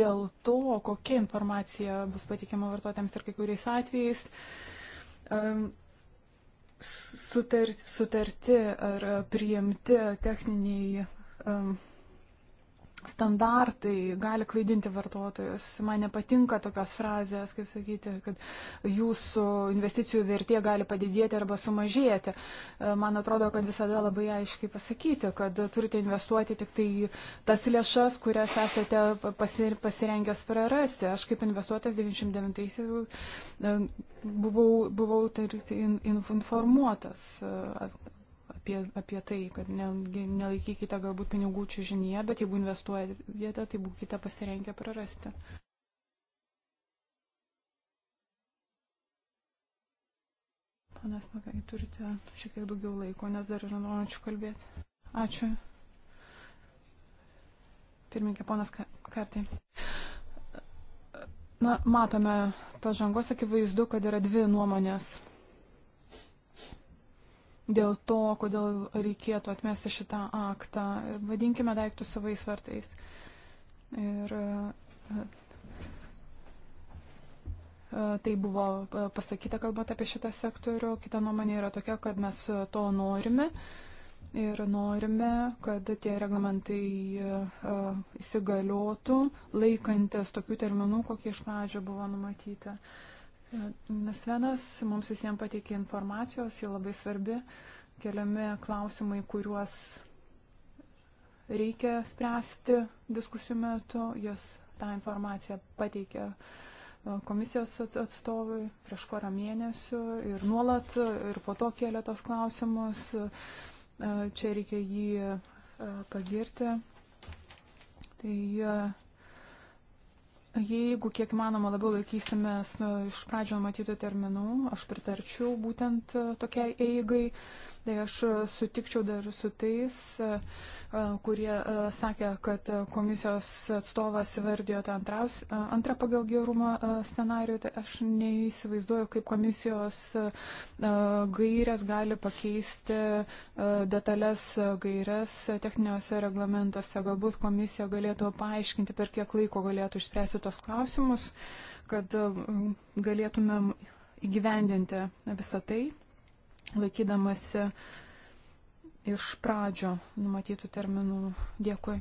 dėl to, kokia informacija bus patikima vartotojams ir kai kuriais atvejais. Sutarti, sutarti ar priimti techniniai standartai gali klaidinti vartotojus. Man nepatinka tokios frazės, kaip sakyti, kad jūsų investicijų vertė gali padidėti arba sumažėti. E, man atrodo, kad visada labai aiškiai pasakyti, kad turite investuoti tik tai tas lėšas, kurias esate pasirengęs prarasti. Aš kaip investuotas 99-aisiais e, buvau, buvau tai, informuotas e, apie, apie tai, kad ne, nelaikykite galbūt pinigų čiūžinyje, bet jeigu investuojate, tai būkite pasirengę prarasti. Panas, na ką, turite šiek tiek daugiau laiko, nes dar yra norinčių kalbėti. Ačiū. Pirmininkė, ponas Kartai. Na, matome pažangos, akivaizdu, kad yra dvi nuomonės dėl to, kodėl reikėtų atmesti šitą aktą. Vadinkime daiktus savais vartais. Ir e, e, tai buvo e, pasakyta, kalbant apie šitą sektorių. Kita nuomonė yra tokia, kad mes to norime. Ir norime, kad tie reglamentai įsigaliotų laikantis tokių terminų, kokie iš pradžio buvo numatyti. Uh, Svenas mums visiems pateikė informacijos, jie labai svarbi, keliami klausimai, kuriuos reikia spręsti diskusijų metu, jis tą informaciją pateikė e, komisijos atstovui prieš porą mėnesių ir nuolat ir po to kėlė tos klausimus, e, čia reikia jį e, pagirti. Tai Jeigu kiek manoma labiau laikysimės nu, iš pradžio numatytų terminų, aš pritarčiau būtent e, tokiai eigai. Uh, Tai aš e, sutikčiau dar su tais, e, e, kurie sakė, kad komisijos atstovas įvardijo tą antras, antrą pagal gerumą scenarių. Tai aš neįsivaizduoju, kaip komisijos gairės gali pakeisti detalės gairės techniniuose reglamentuose. Galbūt komisija galėtų paaiškinti, per kiek laiko galėtų išspręsti tos klausimus, kad galėtumėm įgyvendinti visą tai laikydamasi iš pradžio numatytų terminų. Dėkui.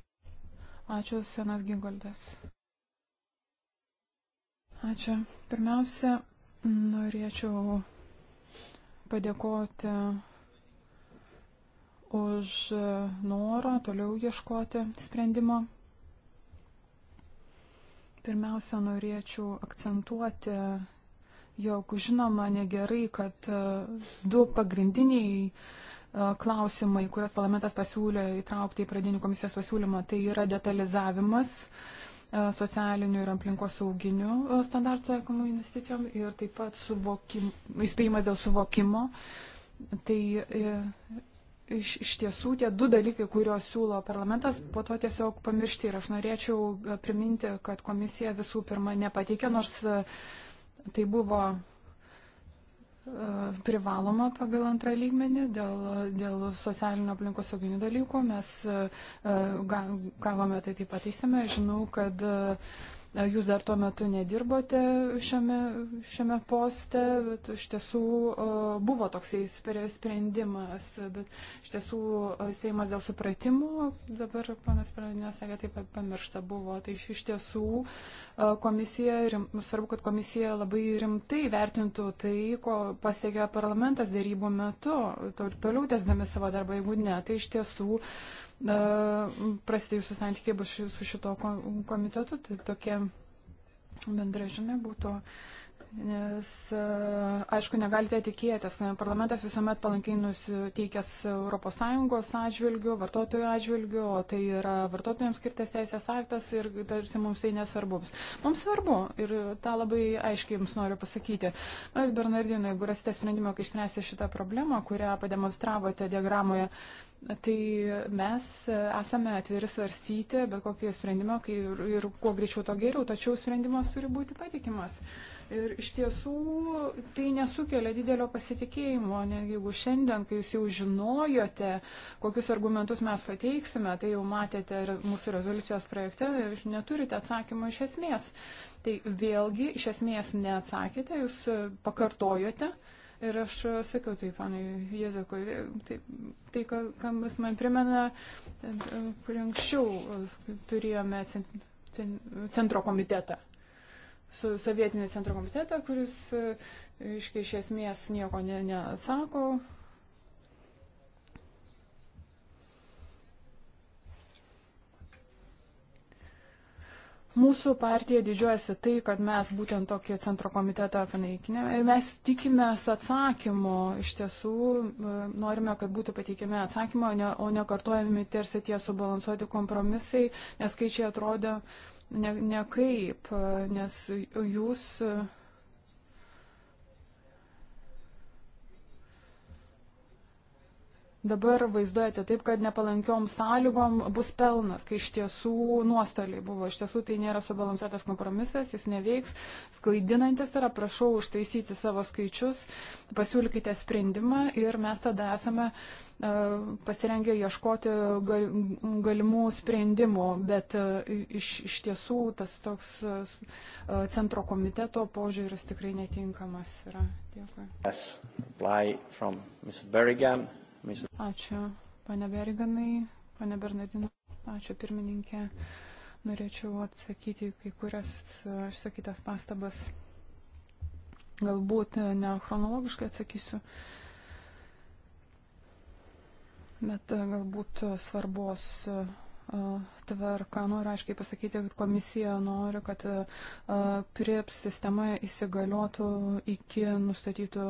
Ačiū, senas Gingoldas. Ačiū. Pirmiausia, norėčiau padėkoti už norą toliau ieškoti sprendimo. Pirmiausia, norėčiau akcentuoti jog žinoma negerai, kad e, du pagrindiniai e, klausimai, kurias parlamentas pasiūlė įtraukti į pradinį komisijos pasiūlymą, tai yra detalizavimas e, socialinių ir aplinkos sauginių standartų taikomų investicijom ir taip pat suvokim, įspėjimas dėl suvokimo. Tai iš, iš tiesų tie du dalykai, kuriuos siūlo parlamentas, po to tiesiog pamiršti. Ir aš norėčiau priminti, kad komisija visų pirma nepateikė, nors uh, Tai buvo e, privaloma pagal antrą lygmenį dėl, dėl socialinio aplinkos sauginių dalykų. Mes e, gavome tai taip pat įstame. Žinau, kad Jūs dar tuo metu nedirbote šiame, šiame poste, bet iš tiesų buvo toksai sprendimas, bet iš tiesų spėjimas dėl supratimo, dabar panas Pradinės sakė, taip pamiršta buvo. Tai iš tiesų komisija, rim, svarbu, kad komisija labai rimtai vertintų tai, ko pasiekė parlamentas dėrybų metu, toliau tesdami savo darbą, jeigu ne, tai iš tiesų E, prasidė jūsų santykiai bus su šito komitetu, tai tokia bendra žinia būtų. Nes, e, aišku, negalite tikėtis, parlamentas visuomet palankiai nusiteikęs ES atžvilgių, vartotojų atžvilgių, o tai yra vartotojams skirtas teisės aktas ir tarsi mums tai nesvarbu. Mums svarbu ir tą labai aiškiai jums noriu pasakyti. Bet Bernardino, jeigu rasite sprendimą, kai išspręsite šitą problemą, kurią pademonstravote diagramoje, uh, Tai mes esame atviri svarstyti bet kokį sprendimą kai ir, ir kuo greičiau to geriau, tačiau sprendimas turi būti patikimas. Ir iš tiesų tai nesukelia didelio pasitikėjimo, netgi jeigu šiandien, kai jūs jau žinojote, kokius argumentus mes pateiksime, tai jau matėte mūsų rezoliucijos projekte ir neturite atsakymų iš esmės. Tai vėlgi iš esmės neatsakėte, jūs pakartojote. Mhm Ir aš sakiau tai, panai Jezekui, tai, tai ką vis man primena, kur anksčiau e, turėjome centro komitetą su sovietinį centro komitetą, kuris, iškai, e, iš esmės nieko neatsako, ne Mūsų partija didžiuojasi tai, kad mes būtent tokį centro komitetą panaikinėme ir mes tikimės atsakymo. Iš tiesų e, norime, kad būtų pateikiami atsakymai, o ne, o ne kartuojami tarsi tie subalansuoti kompromisai, nes skaičiai atrodo nekaip, ne, ne kaip, e, nes jūs dabar vaizduojate taip, kad nepalankiom sąlygom bus pelnas, kai iš tiesų nuostoliai buvo. Iš tiesų tai nėra subalansuotas kompromisas, jis neveiks. Sklaidinantis yra, prašau užtaisyti savo skaičius, pasiūlykite sprendimą ir mes tada esame e, pasirengę ieškoti galimų sprendimų, bet e, iš, iš tiesų tas toks e, centro komiteto požiūris tikrai netinkamas yra. Dėkui. Yes, Ačiū, pane Beriganai, pane Bernardino. Ačiū, pirmininkė. Norėčiau atsakyti kai kurias e, išsakytas pastabas. Galbūt e, ne chronologiškai atsakysiu, bet e, galbūt svarbos tvarka. Noriu aiškiai pasakyti, kad komisija nori, kad PRIP sistema įsigaliotų iki nustatytų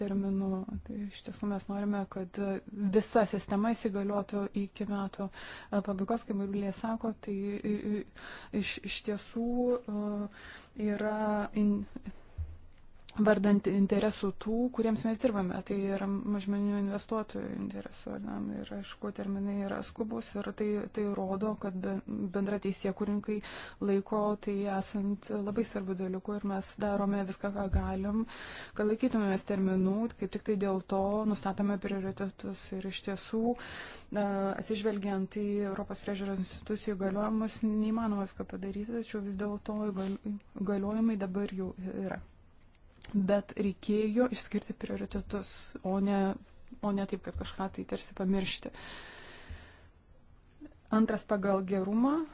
terminų. Tai iš tiesų mes norime, kad visa sistema įsigaliotų iki metų pabaigos, kaip Biblija sako, tai iš, iš tiesų yra. In, vardant interesų tų, kuriems mes dirbame. Tai yra mažmenių investuotojų interesų. Vardant, ir aišku, terminai yra skubus ir tai, tai rodo, kad bendra teisė kurinkai laiko tai esant labai svarbių dalykų ir mes darome viską, ką galim, kad laikytumėmės terminų, kaip tik tai dėl to nustatome prioritetus ir iš tiesų e, atsižvelgiant į Europos priežiūros institucijų galiojimus neįmanoma viską padaryti, tačiau vis dėlto įgaliojimai dabar jau yra bet reikėjo išskirti prioritetus, o ne, o ne taip, kad kažką tai tarsi pamiršti. Antras pagal gerumą e,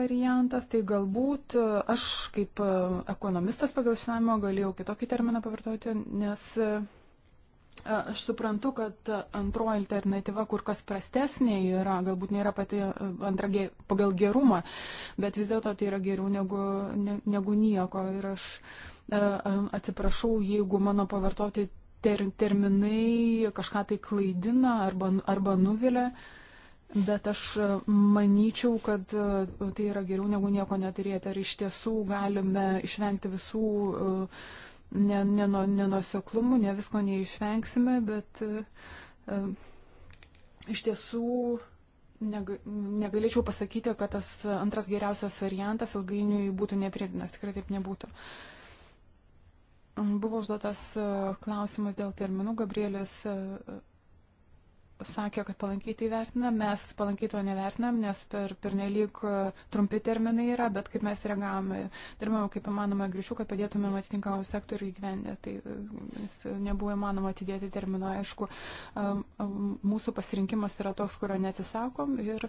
variantas, tai galbūt e, aš kaip e, ekonomistas pagal išsilavinimą galėjau kitokį terminą pavartoti, nes Aš suprantu, kad antroji alternatyva kur kas prastesnė yra, galbūt nėra pati antra pagal gerumą, bet vis dėlto tai yra geriau negu, ne, negu nieko. Ir aš atsiprašau, jeigu mano pavartoti ter, terminai kažką tai klaidina arba, arba nuvilia, bet aš manyčiau, kad tai yra geriau negu nieko neturėti. Ar iš tiesų galime išvengti visų. Uh, nenuoseklumų, ne, ne visko neišvengsime, bet e, e, iš tiesų negalėčiau pasakyti, kad tas antras geriausias variantas ilgainiui būtų nepriimtinas, tikrai taip nebūtų. Buvo užduotas e, klausimas dėl terminų. Gabrielis sakė, kad palankiai tai vertinam, mes palankiai to nevertinam, nes per, per nelik e, trumpi terminai yra, bet kaip mes reagavome, dirbame kaip įmanoma grįžtų, kad padėtumėm atitinkamam sektoriui įgyvendinti. Tai e, nebuvo įmanoma atidėti termino. Aišku, e, mūsų pasirinkimas yra toks, kurio neatsisakom ir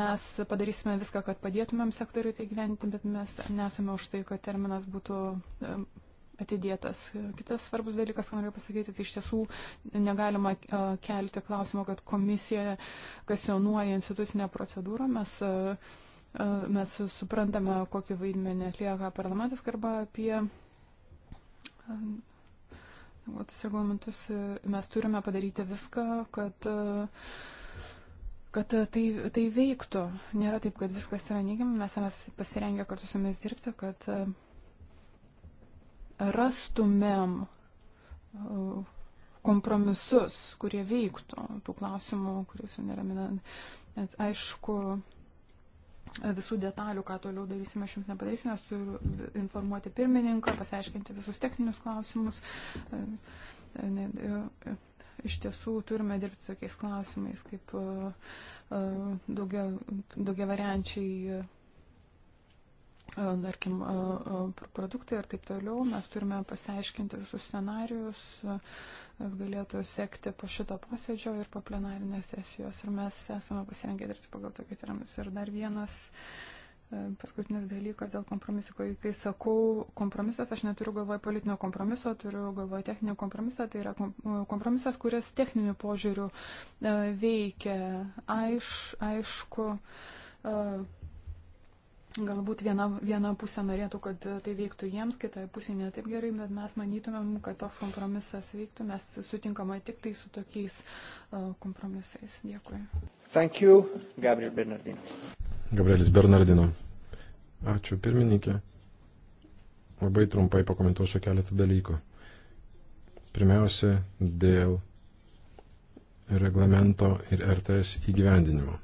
mes padarysime viską, kad padėtumėm sektoriui tai gyventi, bet mes nesame už tai, kad terminas būtų atidėtas. Kitas svarbus dalykas, ką noriu pasakyti, tai iš tiesų negalima e, kelti klausimo, kad komisija kasionuoja institucinę procedūrą. Mes, e, e, mes suprantame, kokį vaidmenį atlieka parlamentas arba apie tuos reglamentus. Mes turime padaryti viską, kad kad tai, tai veiktų. Nėra taip, kad viskas yra neigiama, mes esame pasirengę kartu su jumis dirbti, kad uh, rastumėm uh, kompromisus, kurie veiktų tų klausimų, kuriuos jau neramina. Net aišku, visų detalių, ką toliau darysime, aš jums nepadarysiu, nes turiu informuoti pirmininką, pasiaiškinti visus techninius klausimus. Uh, uh, iš tiesų turime dirbti tokiais klausimais, kaip daugia, daugia variančiai tarkim, produktai ir taip toliau, mes turime pasiaiškinti visus scenarius, kas galėtų sekti po šito posėdžio ir po plenarinės sesijos. Ir mes esame pasirengę dirbti pagal tokį tyrimus. Ir dar vienas paskutinis dalykas dėl kompromiso. Kai sakau kompromisas, aš neturiu galvoje politinio kompromiso, turiu galvoje techninio kompromiso. Tai yra kompromisas, kuris techniniu požiūriu veikia. Aiš, aišku Galbūt viena, viena pusė norėtų, kad tai veiktų jiems, kita pusė ne taip gerai, bet mes manytumėm, kad toks kompromisas veiktų, mes sutinkama tik tai su tokiais uh, kompromisais. Dėkui. Thank you, Gabriel Bernardino. Gabrielis Bernardino. Ačiū, pirmininkė. Labai trumpai pakomentuosiu keletą dalykų. Pirmiausia, dėl reglamento ir RTS įgyvendinimo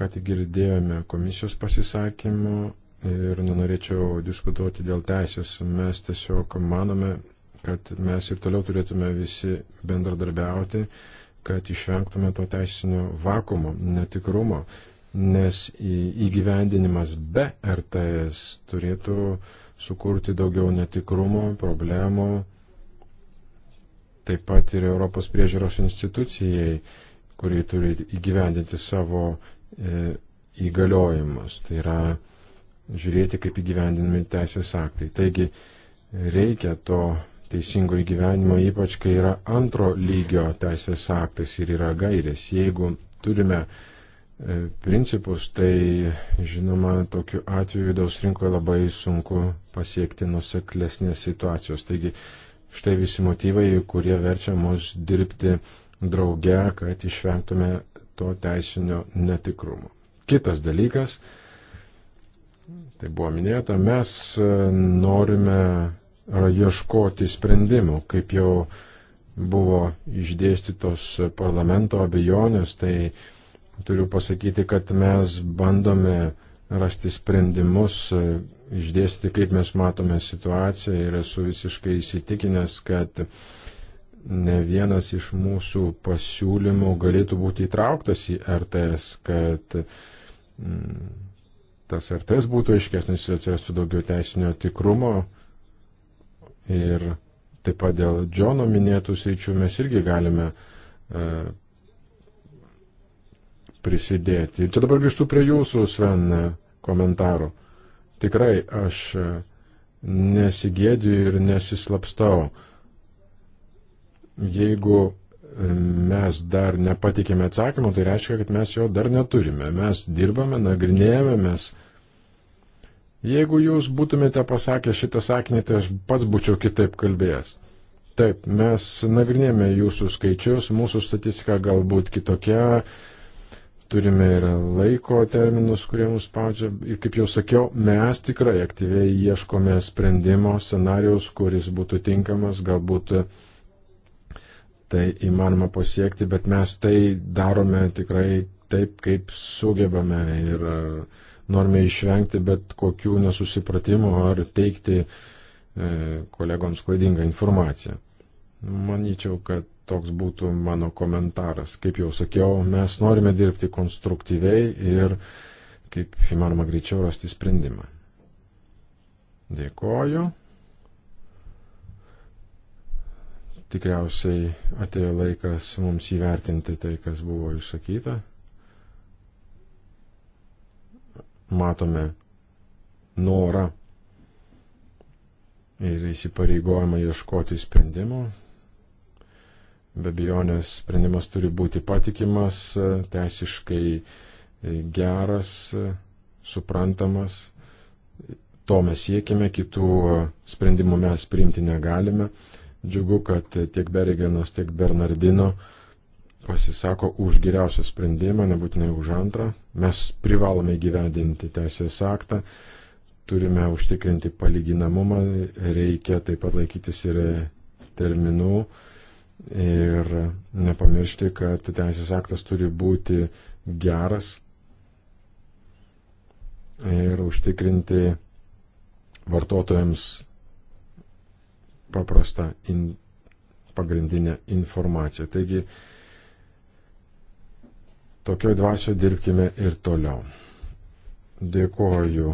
ką tik girdėjome komisijos pasisakymų ir nenorėčiau diskutuoti dėl teisės. Mes tiesiog manome, kad mes ir toliau turėtume visi bendradarbiauti, kad išvengtume to teisinio vakumo, netikrumo, nes įgyvendinimas be RTS turėtų sukurti daugiau netikrumo, problemų, taip pat ir Europos priežiūros institucijai, kurie turi įgyvendinti savo E, įgaliojimus, tai yra žiūrėti, kaip įgyvendinami teisės aktai. Taigi reikia to teisingo įgyvenimo, ypač kai yra antro lygio teisės aktas ir yra gairės. Jeigu turime e, principus, tai žinoma, tokiu atveju vidaus rinkoje labai sunku pasiekti nuseklesnės situacijos. Taigi štai visi motyvai, kurie verčia mus dirbti drauge, kad išvengtume to teisinio netikrumo. Kitas dalykas, tai buvo minėta, mes e, norime ieškoti sprendimų, kaip jau buvo išdėstytos parlamento abejonės, tai turiu pasakyti, kad mes bandome rasti sprendimus, e, išdėstyti, kaip mes matome situaciją ir esu visiškai įsitikinęs, kad ne vienas iš mūsų pasiūlymų galėtų būti įtrauktas į RTS, kad mm, tas RTS būtų aiškesnis, atsirastų daugiau teisinio tikrumo ir taip pat dėl Džono minėtų sričių mes irgi galime e, prisidėti. Ir čia dabar grįžtu prie jūsų, Sven, komentarų. Tikrai aš e, nesigėdžiu ir nesislapstau. E, Jeigu e, mes dar nepatikėme atsakymą, tai reiškia, kad mes jo dar neturime. Mes dirbame, nagrinėjame, mes. Jeigu jūs būtumėte pasakę šitą sakinį, tai aš pats būčiau kitaip kalbėjęs. Taip, mes nagrinėjame jūsų skaičius, mūsų statistika galbūt kitokia, turime ir laiko terminus, kurie mus spaudžia. Ir kaip jau sakiau, mes tikrai aktyviai ieškome sprendimo, scenarius, kuris būtų tinkamas, galbūt uh, tai įmanoma pasiekti, bet mes tai darome tikrai taip, kaip sugebame ir e, norime išvengti bet kokių nesusipratimų ar teikti e, kolegoms klaidingą informaciją. Manyčiau, kad toks būtų mano komentaras. Kaip jau sakiau, mes norime dirbti konstruktyviai ir kaip įmanoma greičiau rasti sprendimą. Dėkoju. tikriausiai atėjo laikas mums įvertinti tai, kas buvo išsakyta. Matome norą ir įsipareigojimą ieškoti sprendimų. Be abejonės sprendimas turi būti patikimas, teisiškai geras, suprantamas. To mes siekime, kitų sprendimų mes priimti negalime. Džiugu, kad tiek Berigenas, tiek Bernardino pasisako už geriausią sprendimą, nebūtinai už antrą. Mes privalome įgyvendinti teisės aktą, turime užtikrinti palyginamumą, reikia taip pat laikytis ir terminų ir nepamiršti, kad teisės aktas turi būti geras ir užtikrinti vartotojams paprastą in, pagrindinę informaciją. Taigi, tokioj dvasio dirbkime ir toliau. Dėkoju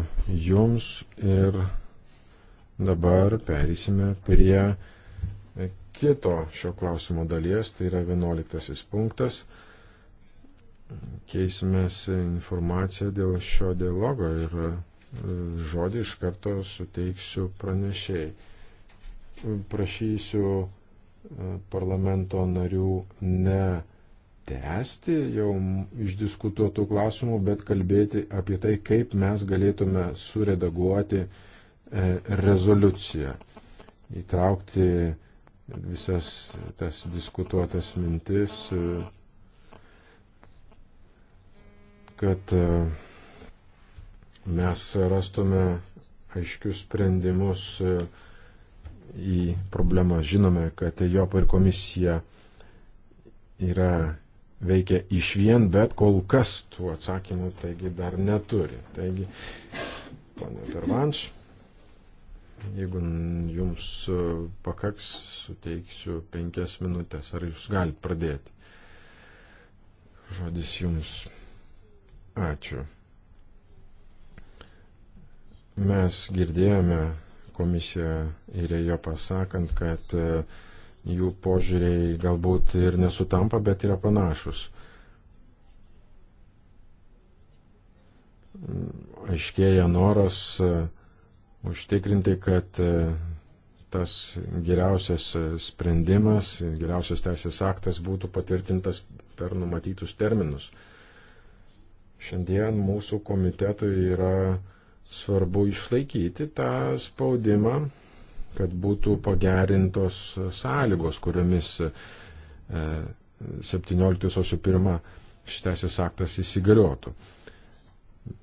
Jums ir dabar perėsime prie kito šio klausimo dalies, tai yra 11 punktas. Keisimės informaciją dėl šio dialogo ir žodį iš karto suteiksiu pranešėjai prašysiu e, parlamento narių ne tęsti jau išdiskutuotų klausimų, bet kalbėti apie tai, kaip mes galėtume suredaguoti e, rezoliuciją, įtraukti visas tas diskutuotas mintis, e, kad mes rastume aiškius sprendimus į problemą. Žinome, kad jo ir komisija yra veikia iš vien, bet kol kas tų atsakymų taigi dar neturi. Taigi, ponė Pervanš, jeigu jums pakaks, suteiksiu penkias minutės. Ar jūs galite pradėti? Žodis jums. Ačiū. Mes girdėjome komisiją ir jo pasakant, kad e, jų požiūriai galbūt ir nesutampa, bet yra panašus. Aiškėja noras e, užtikrinti, kad e, tas geriausias sprendimas, geriausias teisės aktas būtų patvirtintas per numatytus terminus. Šiandien mūsų komitetui yra Svarbu išlaikyti tą spaudimą, kad būtų pagerintos sąlygos, kuriomis 17 e, sausio 1 šitasis aktas įsigaliotų.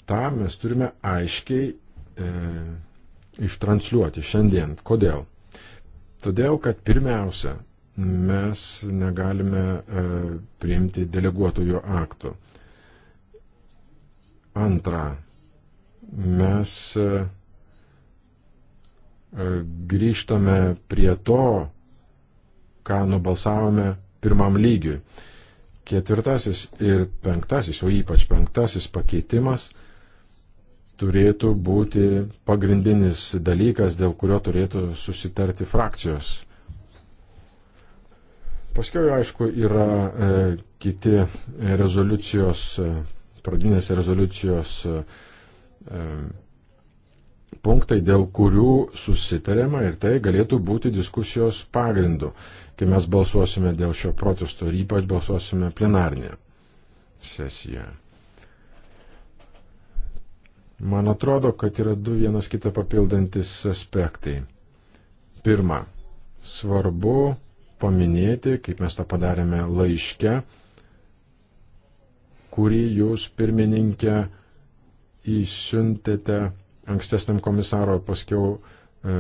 Ta mes turime aiškiai e, ištransliuoti šiandien. Kodėl? Todėl, kad pirmiausia, mes negalime e, priimti deleguotojų aktų. Antra, mes e, e, grįžtame prie to, ką nubalsavome pirmam lygiui. Ketvirtasis ir penktasis, o ypač penktasis pakeitimas turėtų būti pagrindinis dalykas, dėl kurio turėtų susitarti frakcijos. Paskiau, aišku, yra e, kiti rezoliucijos, e, pradinės rezoliucijos e, E, punktai, dėl kurių susitarėma ir tai galėtų būti diskusijos pagrindu, kai mes balsuosime dėl šio protesto ir ypač balsuosime plenarnėje sesijoje. Man atrodo, kad yra du vienas kitą papildantis aspektai. Pirma, svarbu paminėti, kaip mes tą padarėme laiške, kurį jūs pirmininkė išsiuntėte ankstesniam komisaro, paskiau e,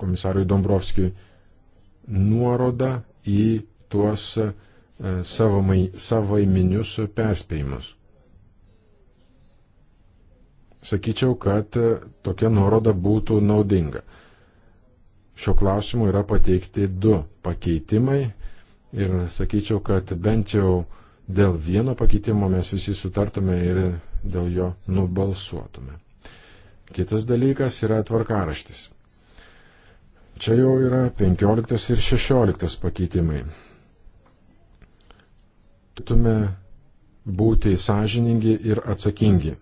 komisarui Dombrovskijui nuorodą į tuos e, savamai, savaiminius perspėjimus. Sakyčiau, kad e, tokia nuoroda būtų naudinga. Šiuo klausimu yra pateikti du pakeitimai ir sakyčiau, kad bent jau dėl vieno pakeitimo mes visi sutartume ir dėl jo nubalsuotume. Kitas dalykas yra tvarkaraštis. Čia jau yra 15 ir 16 pakeitimai. Tume būti sąžiningi ir atsakingi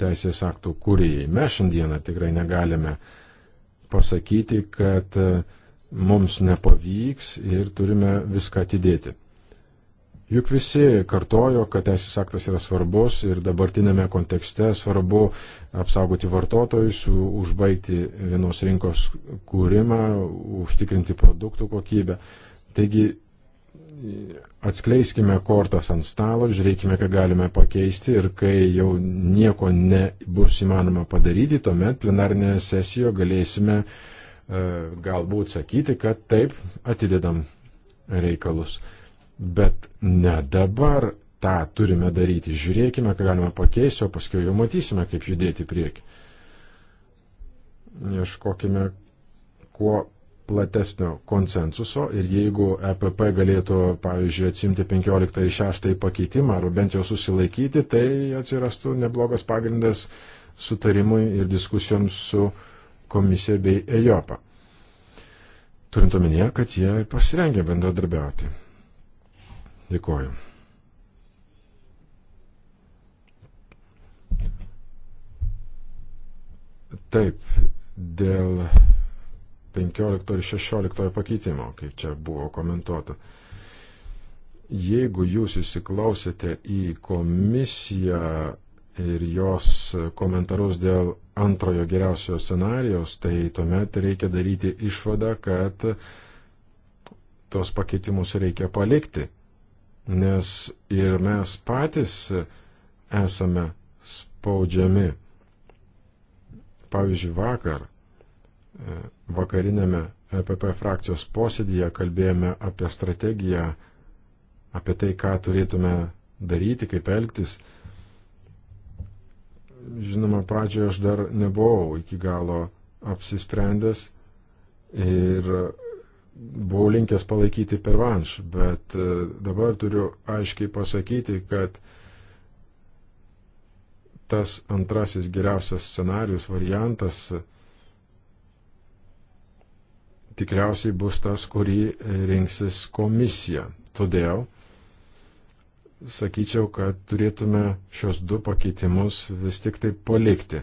teisės aktų kūrėjai. Mes šiandieną tikrai negalime pasakyti, kad e, mums nepavyks ir turime viską atidėti. Juk visi kartojo, kad teisės aktas yra svarbus ir dabartinėme kontekste svarbu apsaugoti vartotojus, užbaigti vienos rinkos kūrimą, užtikrinti produktų kokybę. Taigi atskleiskime kortas ant stalo, žiūrėkime, ką galime pakeisti ir kai jau nieko nebus įmanoma padaryti, tuomet plenarinėje sesijoje galėsime e, galbūt sakyti, kad taip atidedam reikalus. Bet ne dabar tą turime daryti. Žiūrėkime, ką galime pakeisti, o paskui jau matysime, kaip judėti prieki. Ieškokime kuo platesnio konsensuso ir jeigu EPP galėtų, pavyzdžiui, atsimti 15 ir 6 pakeitimą arba bent jau susilaikyti, tai atsirastų neblogas pagrindas sutarimui ir diskusijoms su komisija bei EJOPA. Turint omenyje, kad jie pasirengė bendradarbiauti. Dėkuoju. Taip, dėl 15 ir 16 pakeitimo, kaip čia buvo komentuota. Jeigu jūs įsiklausėte į komisiją ir jos komentarus dėl antrojo geriausio scenarijos, tai tuomet reikia daryti išvadą, kad tos pakeitimus reikia palikti nes ir mes patys esame spaudžiami. Pavyzdžiui, vakar e, vakarinėme EPP frakcijos posėdėje kalbėjome apie strategiją, apie tai, ką turėtume daryti, kaip elgtis. Žinoma, pradžioje aš dar nebuvau iki galo apsisprendęs ir buvau linkęs palaikyti pervanš, bet e, dabar turiu aiškiai pasakyti, kad tas antrasis geriausias scenarius variantas tikriausiai bus tas, kurį rinksis komisija. Todėl sakyčiau, kad turėtume šios du pakeitimus vis tik tai palikti.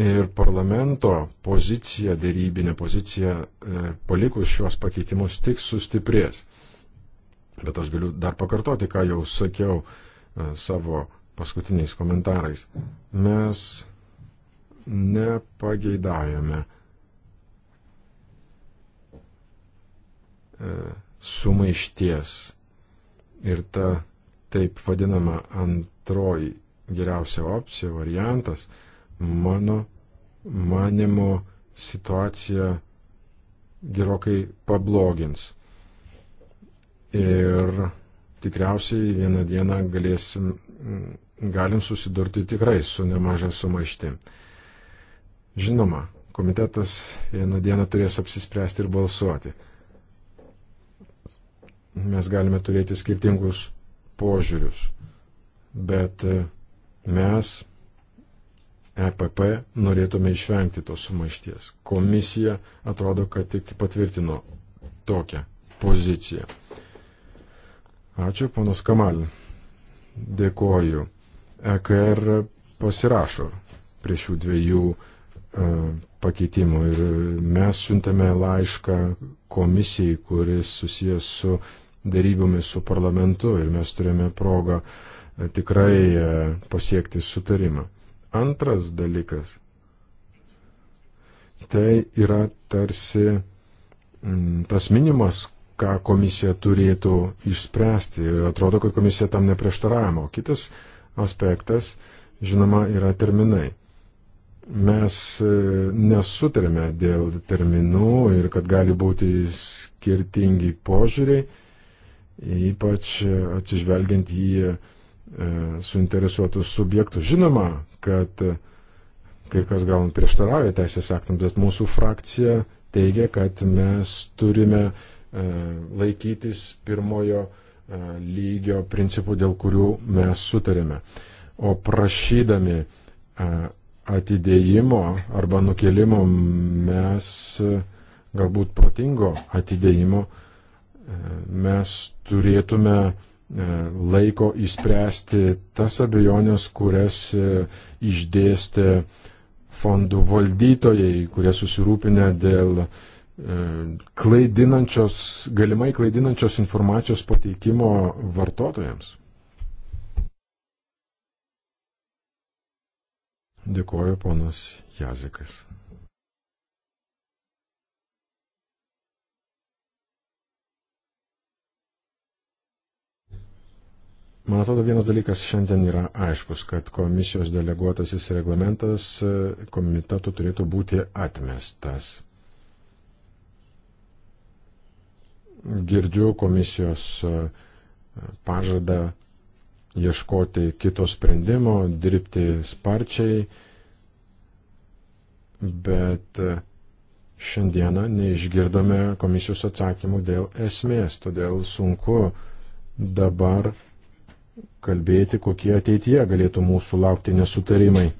ir parlamento pozicija, dėrybinė pozicija, e, palikus šios pakeitimus, tik sustiprės. Bet aš galiu dar pakartoti, ką jau sakiau e, savo paskutiniais komentarais. Mes nepageidavome e, sumaišties ir ta taip vadinama antroji geriausia opcija, variantas, Mano manimo situacija gerokai pablogins. Ir tikriausiai vieną dieną galėsim, galim susidurti tikrai su nemaža sumaišti. Žinoma, komitetas vieną dieną turės apsispręsti ir balsuoti. Mes galime turėti skirtingus požiūrius, bet mes EPP norėtume išvengti tos sumaišties. Komisija atrodo, kad tik patvirtino tokią poziciją. Ačiū, panas Kamal. Dėkoju. EKR pasirašo prie šių dviejų e, pakeitimų ir mes siuntame laišką komisijai, kuris susijęs su darybomis su parlamentu ir mes turėjome progą tikrai e, pasiekti sutarimą. Antras dalykas. Tai yra tarsi mm, tas minimas, ką komisija turėtų išspręsti. Ir atrodo, kad komisija tam neprieštaravimo. Kitas aspektas, žinoma, yra terminai. Mes e, nesutarėme dėl terminų ir kad gali būti skirtingi požiūriai, ypač atsižvelgiant į e, suinteresuotus subjektus. Žinoma, kad kai kas gal prieštarauja teisės aktams, bet mūsų frakcija teigia, kad mes turime e, laikytis pirmojo e, lygio principų, dėl kurių mes sutarėme. O prašydami e, atidėjimo arba nukelimo mes, galbūt protingo atidėjimo, mes turėtume E, laiko įspręsti tas abejonės, kurias e, išdėstė fondų valdytojai, kurie susirūpinę dėl e, klaidinančios, galimai klaidinančios informacijos pateikimo vartotojams. Dėkoju, ponas Jazikas. Man atrodo, vienas dalykas šiandien yra aiškus, kad komisijos deleguotasis reglamentas e, komitetų turėtų būti atmestas. Girdžiu komisijos e, pažadą ieškoti kito sprendimo, dirbti sparčiai, bet e, šiandieną neišgirdome komisijos atsakymų dėl esmės, todėl sunku dabar kalbėti, kokie ateityje galėtų mūsų laukti nesutarimai. E,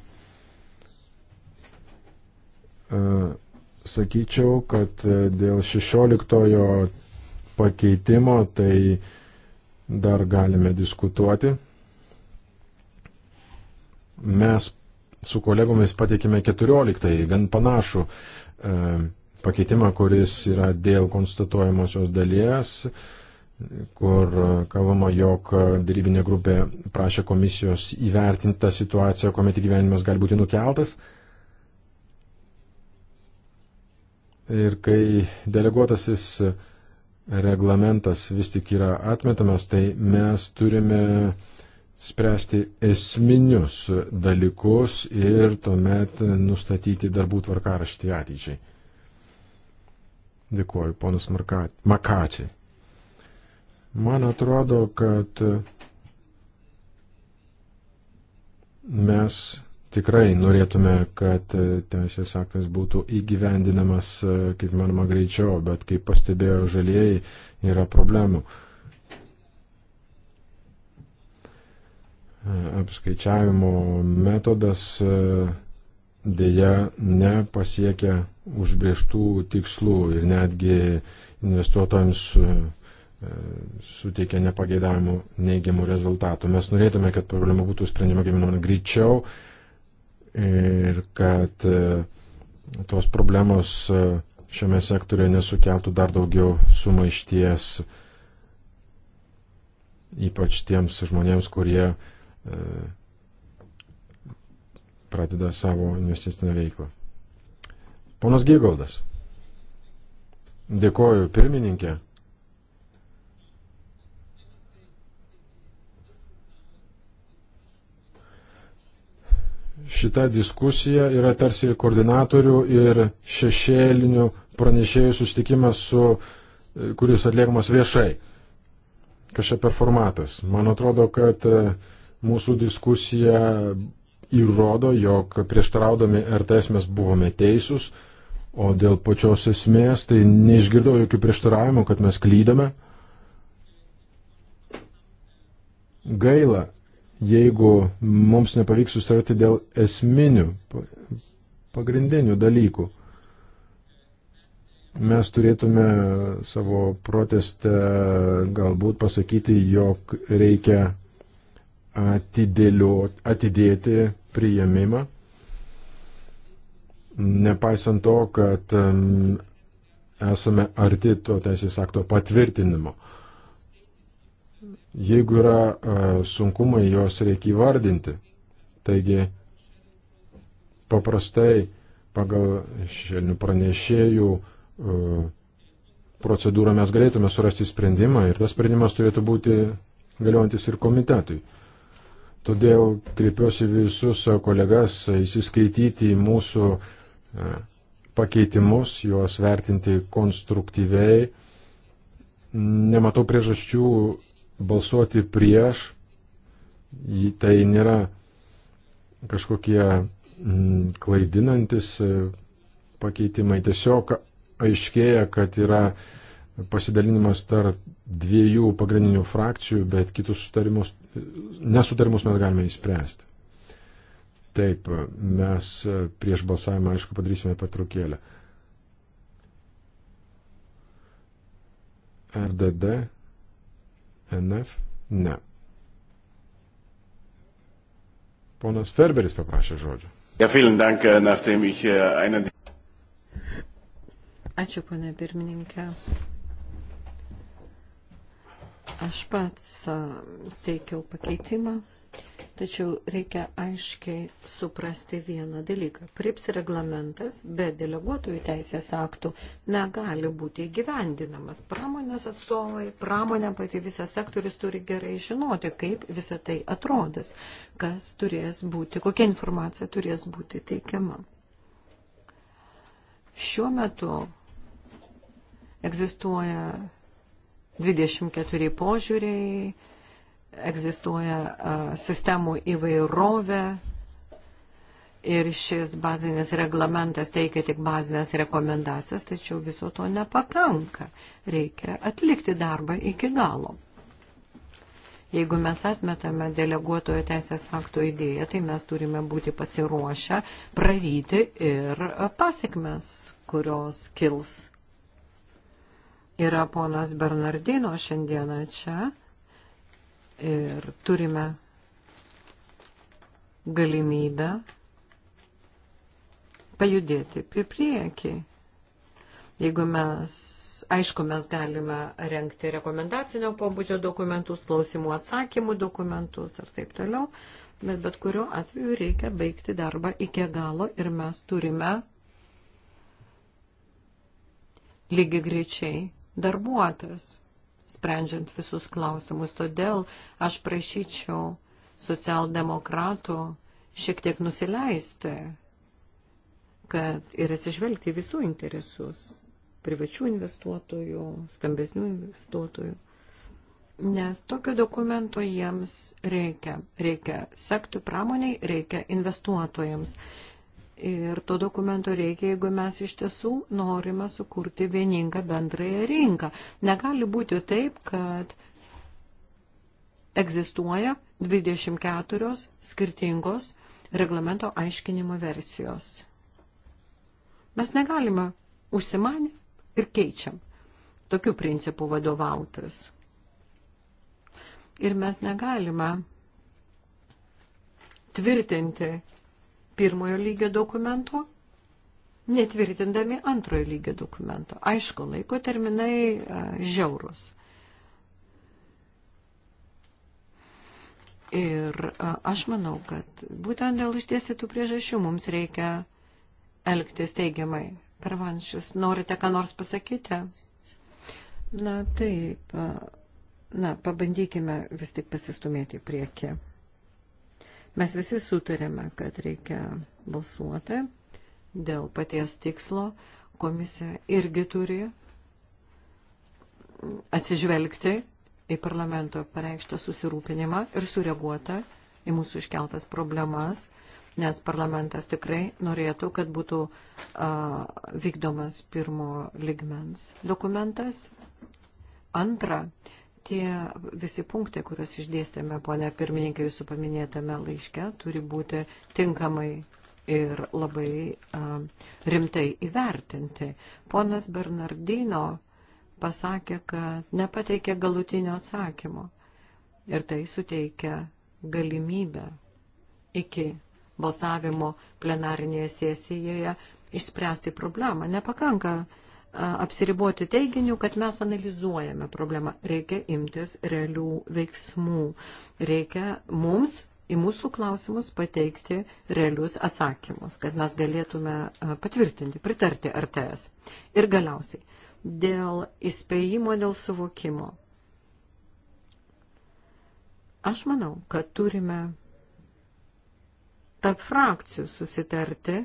sakyčiau, kad e, dėl 16 pakeitimo tai dar galime diskutuoti. Mes su kolegomis pateikėme 14, gan panašų e, pakeitimą, kuris yra dėl konstatuojamosios dalies kur kalbama, jog darybinė grupė prašė komisijos įvertinti tą situaciją, kuomet gyvenimas gali būti nukeltas. Ir kai deleguotasis reglamentas vis tik yra atmetamas, tai mes turime spręsti esminius dalykus ir tuomet nustatyti darbų tvarkaraštį ateičiai. Dėkuoju, ponas Makačiai. Man atrodo, kad mes tikrai norėtume, kad teisės aktas būtų įgyvendinamas e, kaip manoma greičiau, bet kaip pastebėjo žalieji, yra problemų. E, apskaičiavimo metodas e, dėja nepasiekia užbrieštų tikslų ir netgi investuotojams E, suteikia nepageidavimų neigiamų rezultatų. Mes norėtume, kad problema būtų sprendžiama kaip įmanoma greičiau ir kad e, tos problemos e, šiame sektorėje nesukeltų dar daugiau sumaišties, ypač tiems žmonėms, kurie pradeda savo investicinę veiklą. Ponas Gėgaldas. Dėkoju pirmininkė. šita diskusija yra tarsi koordinatorių ir šešėlinių pranešėjų sustikimas, su, e, kuris atliekamas viešai. Kažkaip performatas. Man atrodo, kad e, mūsų diskusija įrodo, jog prieštraudami RTS mes buvome teisūs, o dėl pačios esmės tai neišgirdau jokių prieštaravimų, kad mes klydome. Gaila, jeigu mums nepavyks susitarti dėl esminių, pagrindinių dalykų. Mes turėtume savo proteste galbūt pasakyti, jog reikia atidėti priėmimą, nepaisant to, kad esame arti to teisės akto patvirtinimo. Jeigu yra e, sunkumai, juos reikia įvardinti. Taigi, paprastai pagal šelnių pranešėjų e, procedūrą mes galėtume surasti sprendimą ir tas sprendimas turėtų būti galiojantis ir komitetui. Todėl kreipiuosi visus kolegas įsiskaityti į mūsų e, pakeitimus, juos vertinti konstruktyviai. Nematau priežasčių balsuoti prieš, tai nėra kažkokie mm, klaidinantis e, pakeitimai. Tiesiog aiškėja, kad yra pasidalinimas tarp dviejų pagrindinių frakcijų, bet kitus sutarimus, nesutarimus mes galime įspręsti. Taip, mes e, prieš balsavimą, aišku, padarysime patraukėlę. RDD NF? Ne. Ponas Ferberis paprašė žodžio. Ja, dank, äh, ich, uh, einen... Ačiū, ponė pirmininkė. Aš pats teikiau pakeitimą Tačiau reikia aiškiai suprasti vieną dalyką. Prips reglamentas be deleguotojų teisės aktų negali būti įgyvendinamas. Pramonės atstovai, pramonė pati visas sektorius turi gerai žinoti, kaip visa tai atrodys, kas turės būti, kokia informacija turės būti teikiama. Šiuo metu egzistuoja 24 požiūriai egzistuoja sistemų įvairovė ir šis bazinis reglamentas teikia tik bazinės rekomendacijas, tačiau viso to nepakanka. Reikia atlikti darbą iki galo. Jeigu mes atmetame deleguotojo teisės akto idėją, tai mes turime būti pasiruošę praryti ir pasiekmes, kurios kils. Yra ponas Bernardino šiandieną čia ir turime galimybę pajudėti į priekį. Jeigu mes, aišku, mes galime renkti rekomendacinio pobūdžio dokumentus, klausimų atsakymų dokumentus ir taip toliau, bet bet kuriuo atveju reikia baigti darbą iki galo ir mes turime lygiai greičiai darbuotis sprendžiant visus klausimus. Todėl aš prašyčiau socialdemokratų šiek tiek nusileisti kad ir atsižvelgti visų interesus privačių investuotojų, stambesnių investuotojų, nes tokio dokumento jiems reikia. Reikia sektų pramoniai, reikia investuotojams. Ir to dokumento reikia, jeigu mes iš tiesų norime sukurti vieningą bendrąją rinką. Negali būti taip, kad egzistuoja 24 skirtingos reglamento aiškinimo versijos. Mes negalime užsimanę ir keičiam tokių principų vadovautis. Ir mes negalime tvirtinti pirmojo lygio dokumento, netvirtindami antrojo lygio dokumento. Aišku, laiko terminai e, žiaurus. Ir e, aš manau, kad būtent dėl išdėstytų priežasčių mums reikia elgtis teigiamai. Pervanšius, norite ką nors pasakyti? Na taip, e, na pabandykime vis tik pasistumėti į priekį. Mes visi sutarėme, kad reikia balsuoti dėl paties tikslo. Komisija irgi turi atsižvelgti į parlamento pareikštą susirūpinimą ir sureaguota į mūsų iškeltas problemas, nes parlamentas tikrai norėtų, kad būtų a, vykdomas pirmo ligmens dokumentas. Antra, tie visi punktai, kuriuos išdėstėme, ponia pirmininkai, jūsų paminėtame laiške, turi būti tinkamai ir labai uh, rimtai įvertinti. Ponas Bernardino pasakė, kad nepateikė galutinio atsakymo ir tai suteikia galimybę iki balsavimo plenarinėje sesijoje išspręsti problemą. Nepakanka uh, apsiriboti teiginiu, kad mes analizuojame problemą. Reikia imtis realių veiksmų. Reikia mums į mūsų klausimus pateikti realius atsakymus, kad mes galėtume patvirtinti, pritarti RTS. Ir galiausiai, dėl įspėjimo, dėl suvokimo. Aš manau, kad turime tarp frakcijų susitarti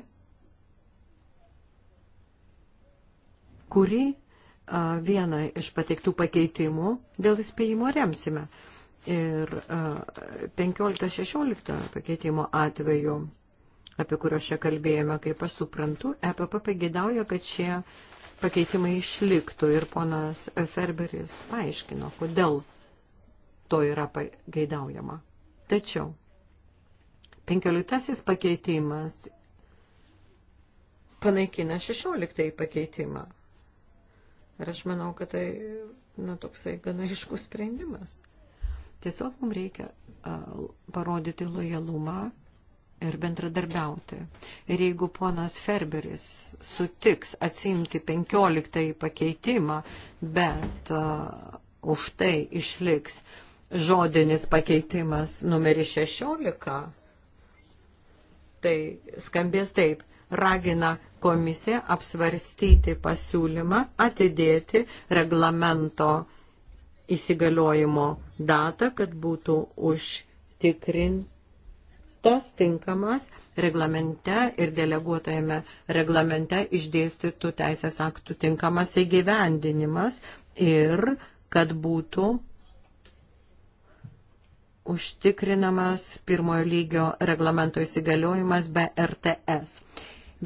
kurį vieną iš pateiktų pakeitimų dėl įspėjimo remsime. Ir 15-16 pakeitimo atveju, apie kuriuos čia kalbėjome, kaip aš suprantu, EPP pagėdauja, kad šie pakeitimai išliktų ir ponas Ferberis paaiškino, kodėl to yra pageidaujama. Tačiau 15 pakeitimas panaikina 16 pakeitimą. Ir aš manau, kad tai na, toksai gana iškus sprendimas. Tiesiog mums reikia a, parodyti lojalumą ir bendradarbiauti. Ir jeigu ponas Ferberis sutiks atsimti 15 pakeitimą, bet a, už tai išliks žodinis pakeitimas numeris 16, tai skambės taip ragina komisiją apsvarstyti pasiūlymą atidėti reglamento įsigaliojimo datą, kad būtų užtikrintas tinkamas reglamente ir deleguotojame reglamente išdėstytų teisės aktų tinkamas įgyvendinimas ir kad būtų užtikrinamas pirmojo lygio reglamento įsigaliojimas be RTS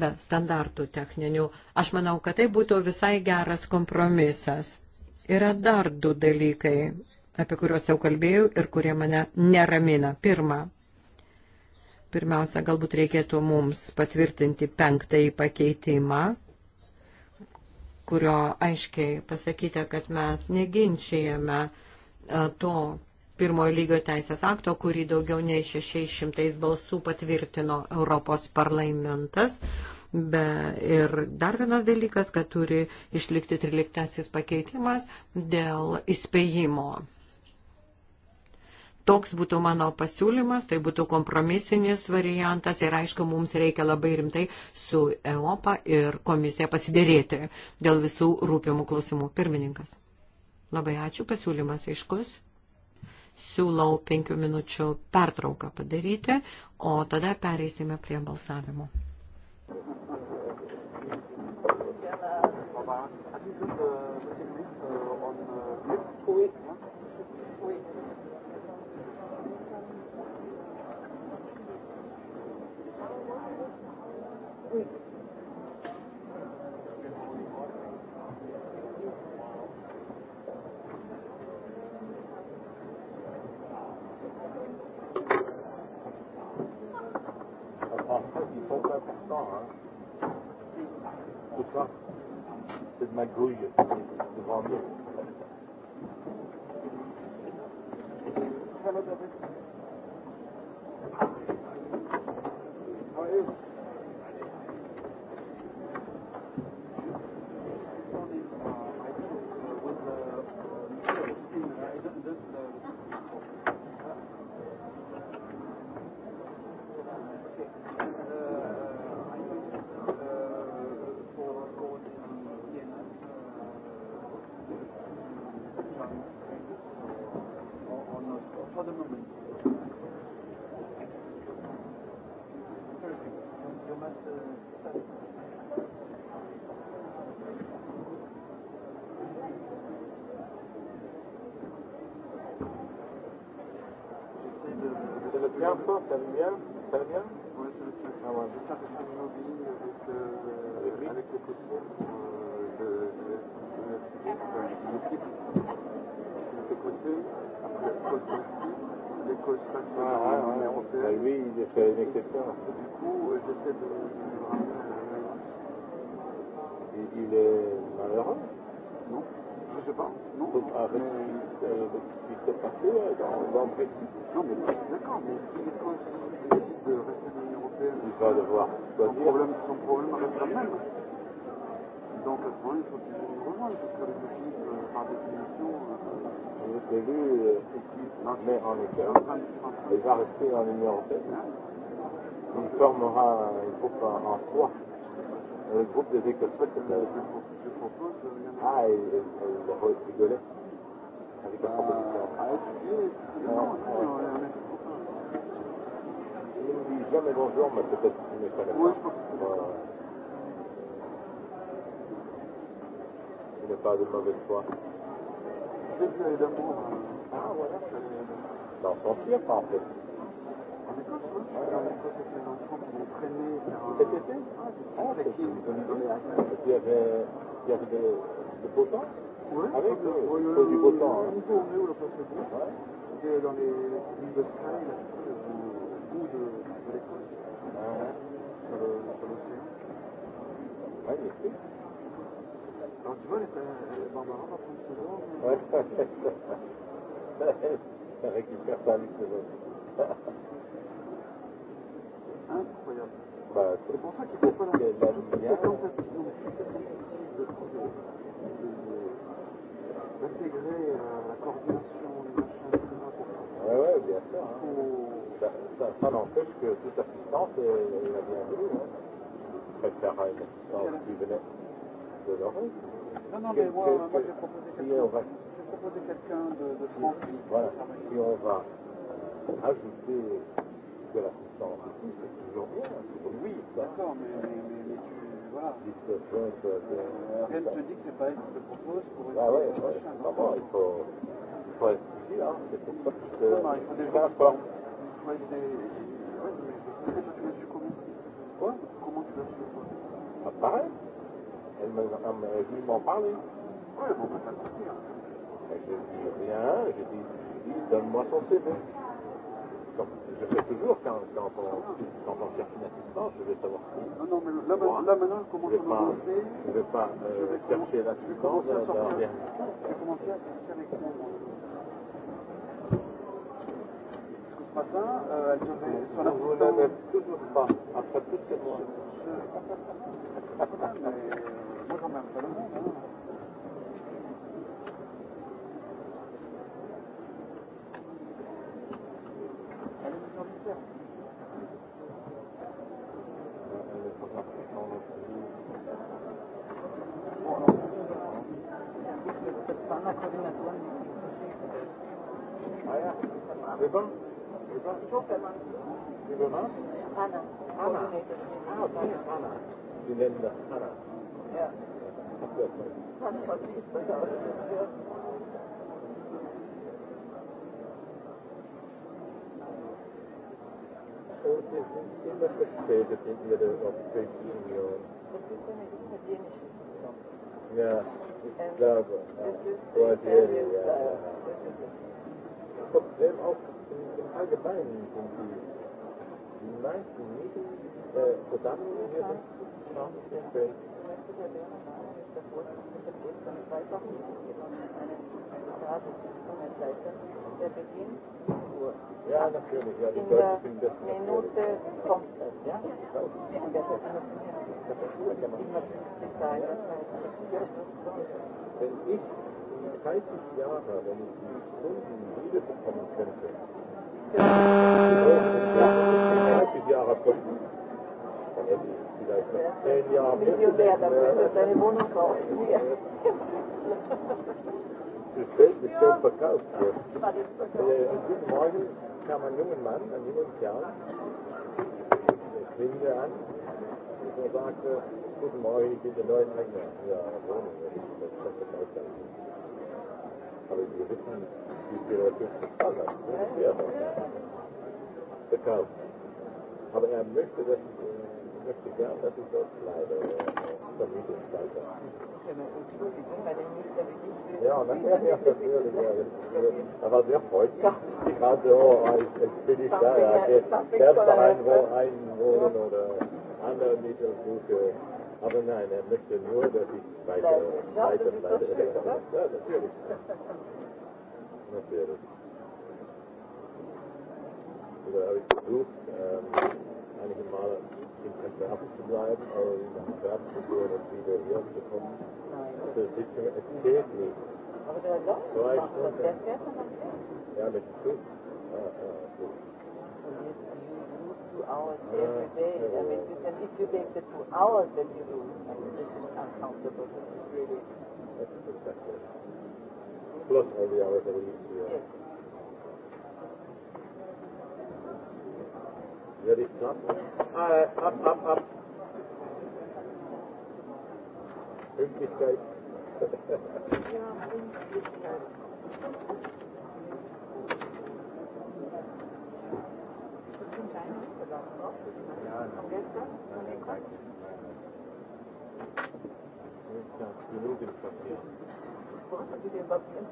be standartų techninių. Aš manau, kad tai būtų visai geras kompromisas. Yra dar du dalykai, apie kuriuos jau kalbėjau ir kurie mane neramina. Pirma, pirmiausia, galbūt reikėtų mums patvirtinti penktąjį pakeitimą, kurio aiškiai pasakyti, kad mes neginčijame to, pirmojo lygio teisės akto, kurį daugiau nei 600 balsų patvirtino Europos parlamentas. Be, ir dar vienas dalykas, kad turi išlikti 13 pakeitimas dėl įspėjimo. Toks būtų mano pasiūlymas, tai būtų kompromisinis variantas ir aišku, mums reikia labai rimtai su EOPA ir komisija pasidėrėti dėl visų rūpimų klausimų. Pirmininkas. Labai ačiū, pasiūlymas aiškus siūlau penkių minučių pertrauką padaryti, o tada pereisime prie balsavimo. Thank you. Ça va bien Ça va bien Oui, c'est le truc. Ah ouais, juste un petit immobilier avec, euh, avec, avec les costumes euh, de, de, de l'équipe. Les costumes, après la cause taxi, les causes nationales ah, ah, ah, européennes. Bah, lui, il a fait une exception. se passer dans, dans le Brexit. Non, mais d'accord, mais si l'Écosse décide de rester dans l'Union Européenne, il va devoir son problème, son problème reste le même. Donc à ce moment-là, il faut qu'ils nous rejoignent, parce que les équipes, euh, par définition. Euh, Vous avez vu, l'équipe met en Écosse, elle va rester dans l'Union Européenne. Il formera un groupe en, en soi, le groupe des Écossais. Euh, je propose. Euh, ah, il rigolait. Il dit jamais bonjour, mais peut-être qu'il ne connaît pas. Oui, je pense que c'est voilà. Il n'est pas de mauvaise foi. Dès qu'il y a d'amour, ah voilà, c'est. Dans son tir, pas en fait. En Écosse, oui. Ouais. En Écosse, c'était un enfant qui est traîné vers un. Cet été Ah, c'est qui Il y avait des beaux temps Ouais, avec ah le, le, le, du beau temps. Hein. Niveau où on est, où la place est bonne, ouais. c'était dans les villes de Sky, là, au bout de, de l'Écosse, ouais. Ah. Euh, sur l'océan. Ouais, il est Alors tu vois, les Barbara va prendre ce genre. Ouais, ça récupère sa vie, ce genre. Incroyable. Bah, c'est pour ça qu'il ne faut pas l'enlever. Quand on fait de 3-0, d'intégrer euh, la coordination des machins les plus importants. Oui, ouais, bien sûr. Hein. Faut... Ça, ça, ça n'empêche que toute assistance est, est la bienvenue. Hein. Je préfère une assistance voilà. qui venait de l'Europe. Non, non, mais moi, moi j'ai proposé quelqu'un va... proposé quelqu'un de, de France. Oui, voilà. Si on va euh, ajouter de l'assistance ici, c'est toujours bien. Toujours oui, d'accord, mais, mais, mais, mais tu voir. Elle te dit que c'est pas elle qui te propose pour une Ah ouais, ouais. Maman, il faut, il faut être vigilant. Hein. C'est pour ça que je te. Non, non, il faut déjà. Pas. Il faut être des. Ouais, mais c'est toi, tu l'as su comment Quoi Comment tu l'as su toi Bah pareil. Elle ah, m'a venu m'en parler. Ouais, bon, bah ça te dire. J'ai dit rien, j'ai dit, donne-moi son CV comme je fais toujours quand, quand, on, quand on cherche une assistance, je vais savoir qui. Non, non, mais là, moi, là maintenant, comment je vais pas, Je ne euh, vais pas euh, je vais chercher l'assistance d'un dernier. Je vais commencer à chercher avec moi. Ce matin, euh, elle devait, sur la Vous n'avez toujours pas, après plus que euh, moi. Je... mais moi, j'en mets un peu le monde. Hein. Ribbon? Ribbon? Doppelmann. Ribbon? Anna. Anna. Ah, okay. Anna. Die nennen das Anna. Ja. Anna. in der Späte finden wir das auf Union. Das ist eine italienische Saison. Ja, ich glaube. Guardiere, ja. Das Problem auch im Allgemeinen sind die, die meisten Mieten äh, zusammen hier sind, schauen sich den Film. Der beginnt Uhr. Ja, natürlich. Ja, die in Deutschen finden das Minute kommt das, ja? Das ist gut, ja, man Wenn ich 30 Jahre, wenn ich die Stunden wieder bekommen könnte, 30 Jahre Kunden, dann hätte ich vielleicht noch 10 Jahre. Millionär, dann würde ich deine Wohnung kaufen. Das Feld ist schon verkauft hier. Äh, am guten Morgen kam ein junger Mann, ein junger Kerl, der klingelte an und er sagte, guten Morgen, ich bin der neue Eigner dieser Wohnung, wenn ich das Feld verkauft habe. Aber wir wissen, wie viel er für bezahlt hat. Das ist sehr verkauft. Aber er möchte, dass ich Praktika, das ist dort leider Vermietungsleiter. Entschuldigung, weil der Minister wirklich. Ja, natürlich, natürlich. Er war sehr freundlich. Gerade so, jetzt bin ich da, ja. Selbst daheim einwohnen oder andere Mieter suche. Aber nein, er möchte nur, dass ich weiter, weiter bleibe. Ja, natürlich. Natürlich. Oder habe ich versucht, ähm, einige Male in Verderben zu bleiben, aber nach Verderben zu gehen und wieder hierher zu kommen, zur Sitzung, es geht nicht. Aber der Lauf Zwei macht Stunden. das, der fährt dann am Ja, mit dem Zug. Ah, ah, gut. And you, and you lose two hours ah, every day. Yeah. I mean, you can, if you take the two hours, then you lose. I mean, this is uncomfortable. This is really... That's exactly. Plus all the hours that we use here. Yes. Ready? Up. All right. Up, up, up. Pünktlichkeit. ja, Pünktlichkeit. Ja, von gestern, von den Minuten passiert. Brauchst du dir den Papier?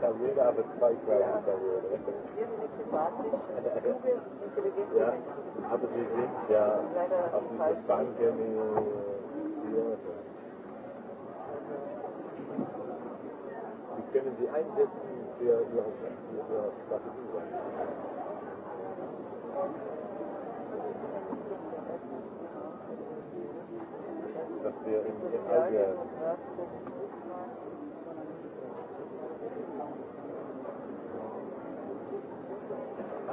Kann jeder, aber zwei Sprachen kann jeder. ja, aber sie sind ja auf diese Banken hier. Die können sie einsetzen für ihre, für ihre Strategie. Dass wir in Algerien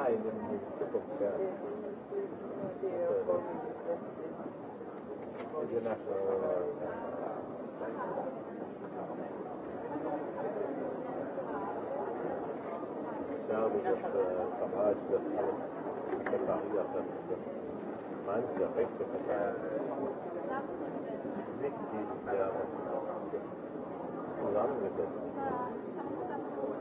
mai nenutiko kelias. Ed è nato Ciao, du bist Kamad, das ist der Maria, das ist der Mann, der rechte Partei. Nicht die, der zusammengesetzt ist.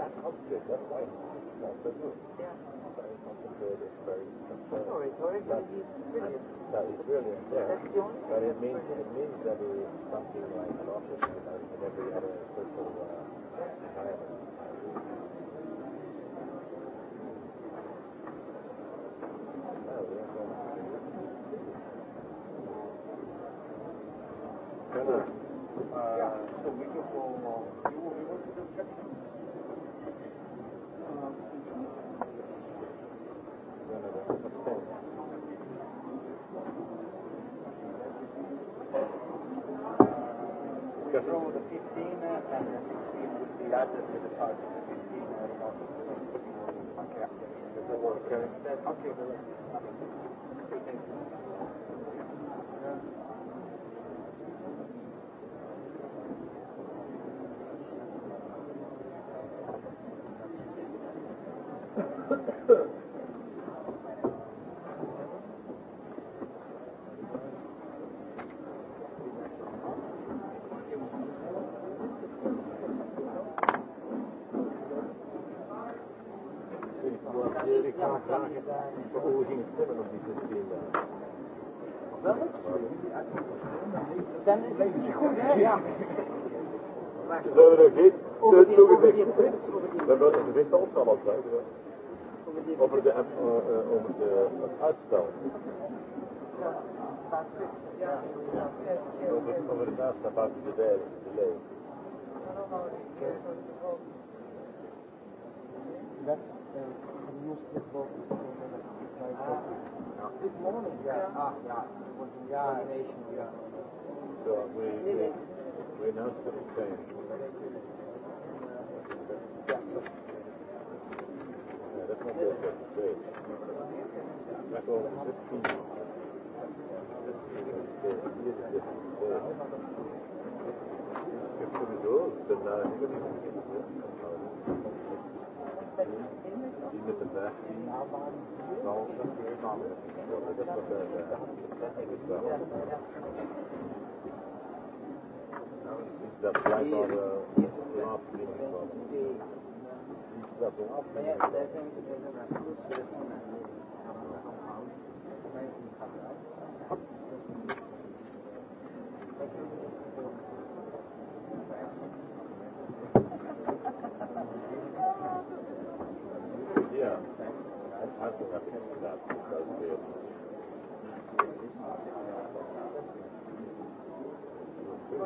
that concept, that's why it's not so good. Yeah. Very concentrated, very controlled. Sorry, sorry, but he's brilliant. No, he's brilliant, yeah. That's the only but it means, brilliant. it means that it's something like an office, you know, in every other social uh, environment. Okay, dan is het niet goed, hè? Ja. Ze hebben er geen steun toegezegd. We hebben een gewicht al al gezegd. Over, de, uh, uh, over de, het uitstel. Ja, äh, äh, ja. Over, over het uitstel van de delay. That's uh, some news about this morning. Yeah. Ah, yeah. It was in yeah. yeah so we, we, we announced that it came. Yeah, that's not good, that's great. Back over 15 years. 15 years is old. 15 is old, but now you're going to be die met een weg zien, zal samen. Dat is wat de dat blijkt al afwinning was. Dat een afwinning was.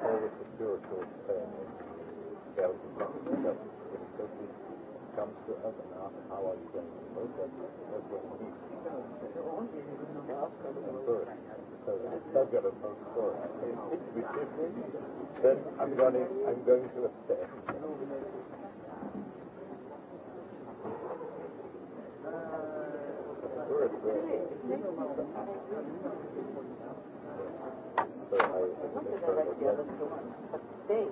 all of the spiritual values that comes to us and how, how are you going to work that? That's what we need. And first, so I've got a first story. If we did this, then I'm going, to, I'm going to upset. First, uh, so I, I think that's part of the other two. But they.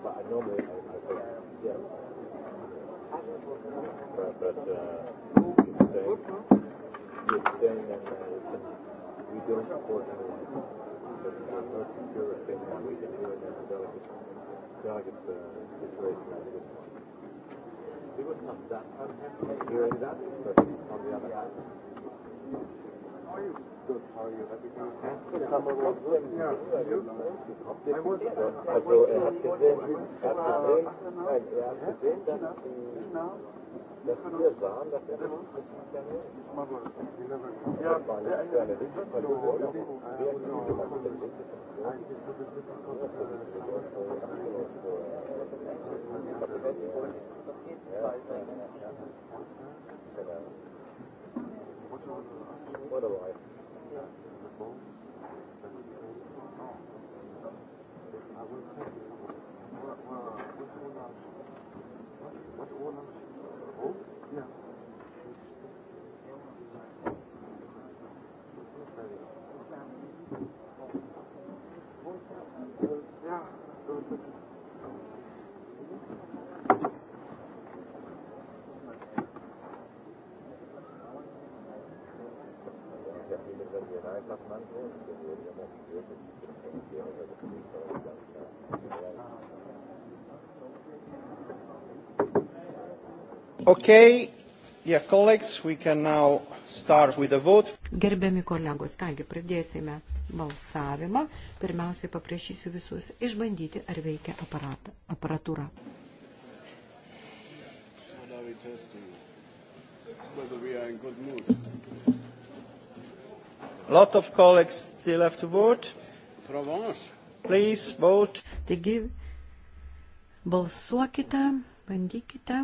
But I normally, I, I think, yeah. But, but uh, you're saying, you're saying that uh, we don't support anyone. But I'm not sure a thing that we can do in a delicate, delicate uh, situation. I think it's he was not that unhappy hearing that, but on the other hand, How are you? Good. How are you? Happy Summer was good. Yeah. You? I was. Also, er hat gesehen, er hat gesehen, nein, er hat gesehen, dass, dass wir sahen, dass er uns das funktioniert. Ja, ja, ja. Thank you. What a life. What's all I'm saying? Okay. Yeah, colleagues, we can now start with the vote. Gerbiami kolegos, kągi pradėsime balsavimą. Pirmiausiai paprašysiu visus išbandyti, ar veikia aparatą, aparatūra. Lot of colleagues still have to vote. Provence. Please vote. Taigi, balsuokite, bandykite.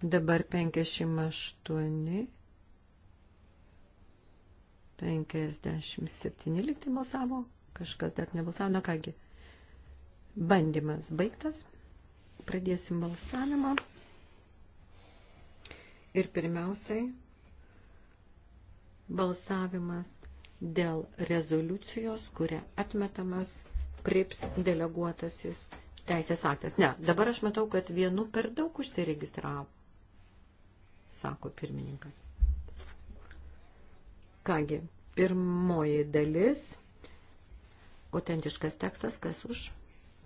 Dabar 58, 57 liktai balsavo, kažkas dar nebalsavo, na kągi. Bandymas baigtas, pradėsim balsavimą. Ir pirmiausiai balsavimas dėl rezoliucijos, kuria atmetamas prips deleguotasis teisės aktas. Ne, dabar aš matau, kad vienu per daug užsiregistravo sako pirmininkas. Kągi, pirmoji dalis, autentiškas tekstas, kas už,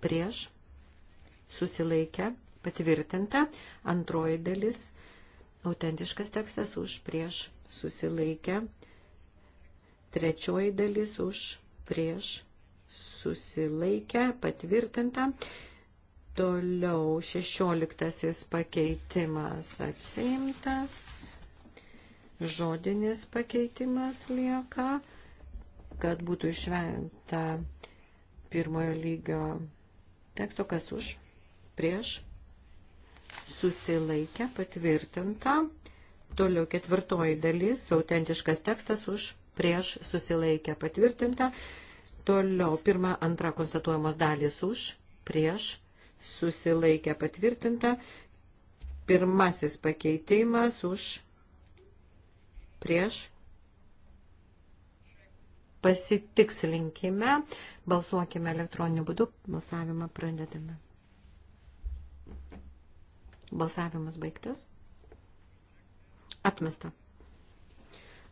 prieš, susilaikę, patvirtinta. Antroji dalis, autentiškas tekstas už, prieš, susilaikę. Trečioji dalis už, prieš, susilaikę, patvirtinta. Toliau šešioliktasis pakeitimas atsimtas, žodinis pakeitimas lieka, kad būtų išvengta pirmojo lygio teksto, kas už, prieš, susilaikę, patvirtinta. Toliau ketvirtoji dalis, autentiškas tekstas už, prieš, susilaikę, patvirtinta. Toliau pirma, antra konstatuojamos dalis už, prieš, susilaikę patvirtinta. Pirmasis pakeitimas už prieš pasitikslinkime, balsuokime elektroniniu būdu, balsavimą pradedame. Balsavimas baigtas. Atmesta.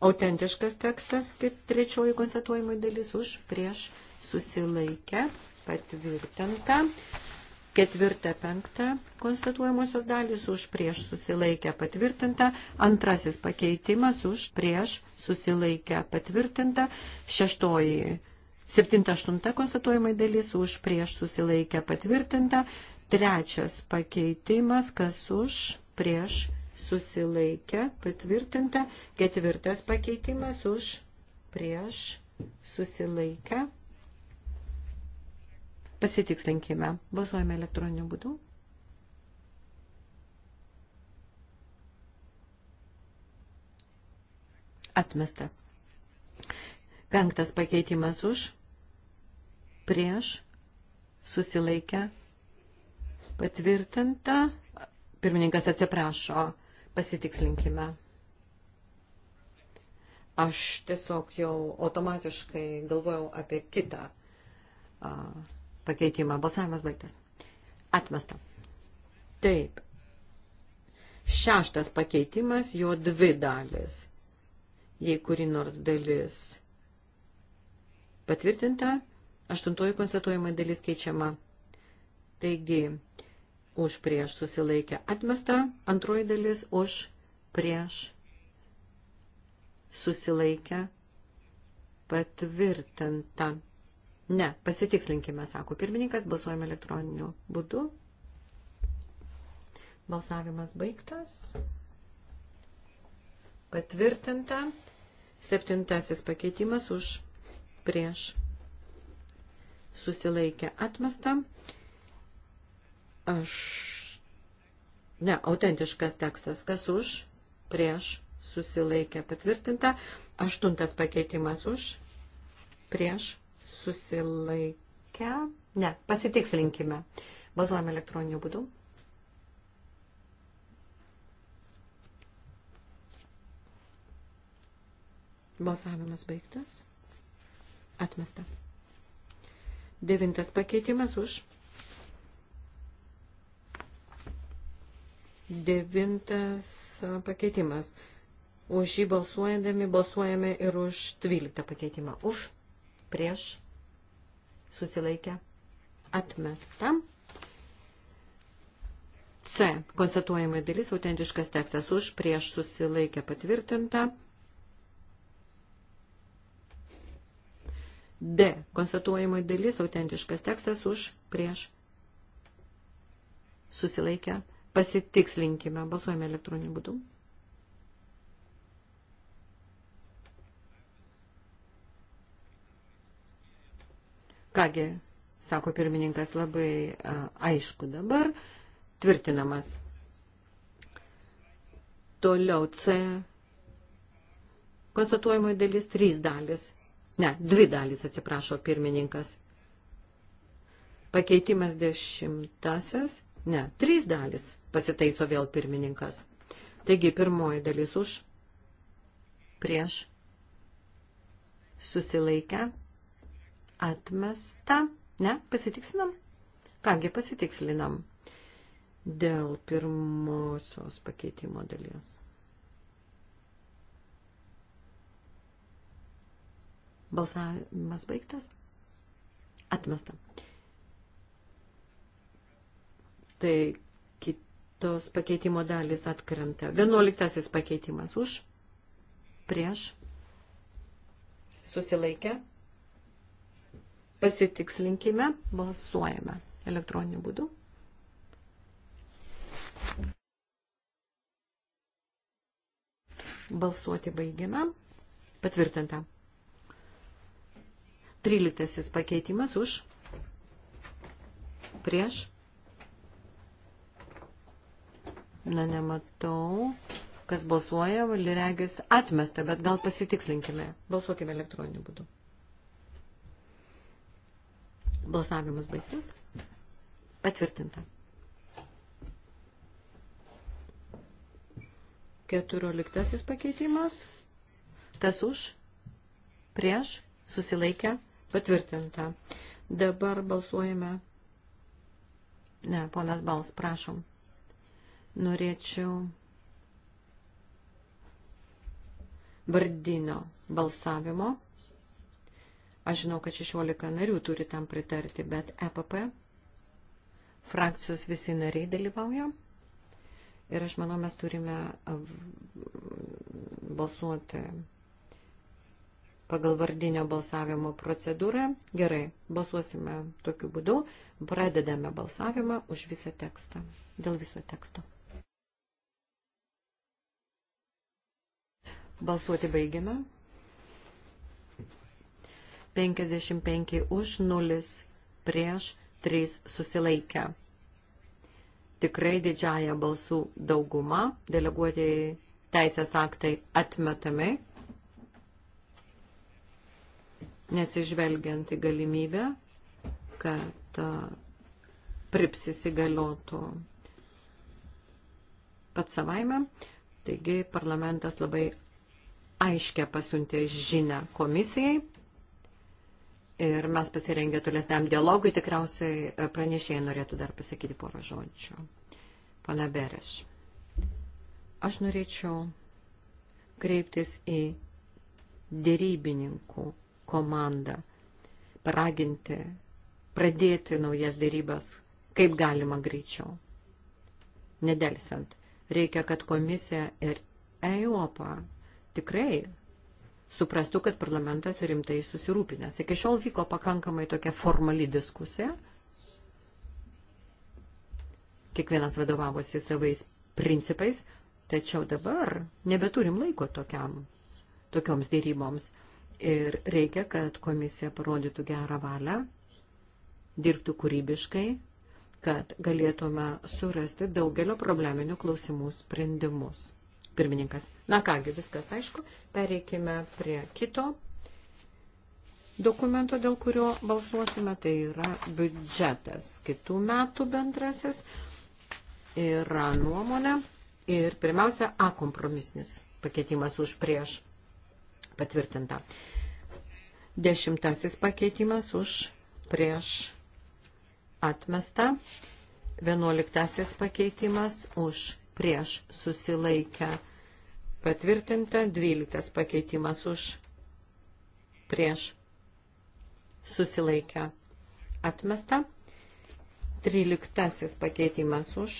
Autentiškas tekstas, kaip trečioji konstatuojimai dalis, už prieš susilaikę, patvirtinta. Ketvirta, penkta konstatuojamosios dalys už prieš susilaikę patvirtinta. Antrasis pakeitimas už prieš susilaikę patvirtinta. Šeštoji, septinta, aštunta konstatuojamai dalys už prieš susilaikę patvirtinta. Trečias pakeitimas, kas už prieš susilaikę patvirtinta. Ketvirtas pakeitimas už prieš susilaikę patvirtinta Pasitikslinkime. Balsuojame elektroniniu būdu. Atmesta. Penktas pakeitimas už, prieš, susilaikę, patvirtinta. Pirmininkas atsiprašo, pasitikslinkime. Aš tiesiog jau automatiškai galvojau apie kitą. Uh, pakeitimą. Balsavimas baigtas. Atmesta. Taip. Šeštas pakeitimas, jo dvi dalis. Jei kuri nors dalis patvirtinta, aštuntoji konstatuojama dalis keičiama. Taigi, už prieš susilaikę atmesta, antroji dalis už prieš susilaikę patvirtinta. Ne, pasitikslinkime, sako pirmininkas, balsuojame elektroniniu būdu. Balsavimas baigtas. Patvirtinta. Septintasis pakeitimas už prieš susilaikę atmestą. Aš. Ne, autentiškas tekstas. Kas už? Prieš susilaikę patvirtinta. Aštuntas pakeitimas už. Prieš susilaikę. Ne, pasitikslinkime. Balsuojame elektroniniu būdu. Balsavimas baigtas. Atmesta. Devintas pakeitimas už. Devintas pakeitimas. Už jį balsuojami, balsuojame ir už dvyliktą pakeitimą. Už, prieš, susilaikę atmesta. C. Konstatuojamai dalis autentiškas tekstas už prieš susilaikę patvirtinta. D. Konstatuojamai dalis autentiškas tekstas už prieš susilaikę pasitikslinkime. Balsuojame elektroniniu būdu. Kągi, sako pirmininkas, labai aišku dabar, tvirtinamas. Toliau C. Konstatuojamoji dalis, trys dalis. Ne, dvi dalis, atsiprašo pirmininkas. Pakeitimas dešimtasis. Ne, trys dalis, pasitaiso vėl pirmininkas. Taigi, pirmoji dalis už, prieš, susilaikę, atmesta. Ne, pasitikslinam? Kągi pasitikslinam dėl pirmosios pakeitimo dalies. Balsavimas baigtas. Atmesta. Tai kitos pakeitimo dalys atkrenta. Vienuoliktasis pakeitimas už, prieš, susilaikę, Pasitikslinkime, balsuojame elektroniniu būdu. Balsuoti baigiame. Patvirtinta. Tryliktasis pakeitimas už prieš. Na, nematau, kas balsuoja, valyrėgis atmesta, bet gal pasitikslinkime. Balsuokime elektroniniu būdu. Balsavimas baigtas. Patvirtinta. 14 pakeitimas. Tas už, prieš, susilaikę, patvirtinta. Dabar balsuojame. Ne, ponas Bals, prašom. Norėčiau vardinio balsavimo. Aš žinau, kad 16 narių turi tam pritarti, bet EPP frakcijos visi nariai dalyvauja. Ir aš manau, mes turime balsuoti pagal vardinio balsavimo procedūrą. Gerai, balsuosime tokiu būdu. Pradedame balsavimą už visą tekstą. Dėl viso teksto. Balsuoti baigiame. 55 už 0 prieš 3 susilaikę. Tikrai didžiaja balsų dauguma deleguoti teisės aktai atmetami, neatsižvelgiant į galimybę, kad prips įsigaliotų pat savaime. Taigi parlamentas labai aiškia pasiuntė žinę komisijai ir mes pasirengę tolesniam dialogui, tikriausiai e, pranešėjai norėtų dar pasakyti porą žodžių. Pana Bereš, aš norėčiau kreiptis į dėrybininkų komandą, paraginti, pradėti naujas dėrybas kaip galima greičiau. Nedelsiant, reikia, kad komisija ir EIOPA tikrai suprastų, kad parlamentas rimtai susirūpinęs. Iki šiol vyko pakankamai tokia formali diskusija. Kiekvienas vadovavosi savais principais, tačiau dabar nebeturim laiko tokiam, tokioms dėryboms. Ir reikia, kad komisija parodytų gerą valią, dirbtų kūrybiškai, kad galėtume surasti daugelio probleminių klausimų sprendimus. Pirmininkas. Na kągi, viskas aišku. Pereikime prie kito dokumento, dėl kurio balsuosime. Tai yra biudžetas. Kitų metų bendrasis yra nuomonė. Ir pirmiausia, A kompromisnis pakeitimas už prieš patvirtinta. Dešimtasis pakeitimas už prieš atmestą. Vienuoliktasis pakeitimas už prieš susilaikę patvirtinta, 12 pakeitimas už prieš susilaikę atmesta, 13 pakeitimas už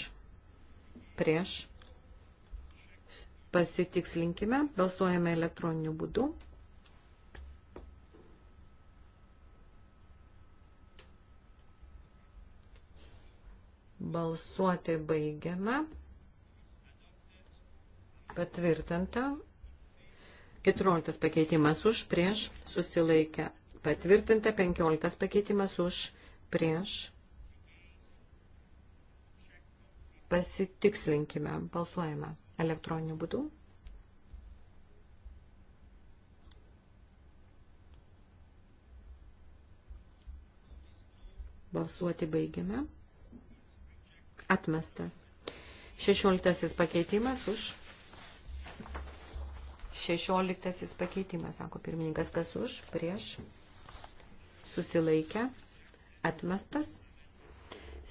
prieš pasitikslinkime, balsuojame elektroniniu būdu. Balsuoti baigiame. Patvirtinta. 14 pakeitimas už, prieš, susilaikę. Patvirtinta 15 pakeitimas už, prieš. Pasitikslinkime, balsuojame elektroniniu būdu. Balsuoti baigiame. Atmestas. 16 pakeitimas už, Šešioliktasis pakeitimas, sako pirmininkas, kas už, prieš, susilaikę, atmestas.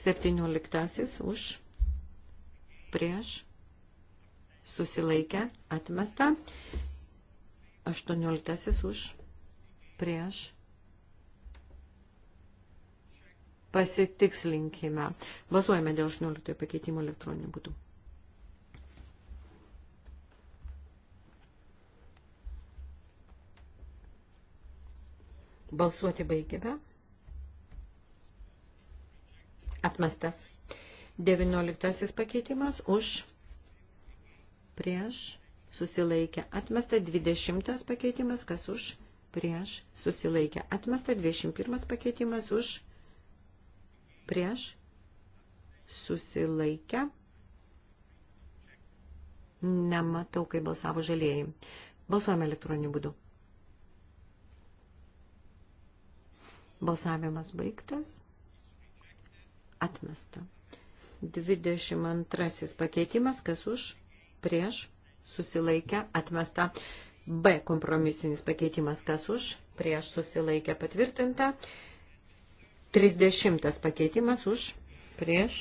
Septynioliktasis už, prieš, susilaikę, atmesta. Aštuonioliktasis už, prieš, pasitikslinkime. Bazuojame dėl 18 pakeitimo elektroniniu būdu. Balsuoti baigėme. Atmestas. 19 pakeitimas už prieš susilaikę atmestą. 20 pakeitimas kas už prieš susilaikę atmestą. 21 pakeitimas už prieš susilaikę. Nematau, kai balsavo žalėjai. Balsuojame elektroniniu būdu. Balsavimas baigtas. Atmesta. 22 pakeitimas, kas už, prieš, susilaikę, atmesta. B kompromisinis pakeitimas, kas už, prieš, susilaikę, patvirtinta. 30 pakeitimas už, prieš,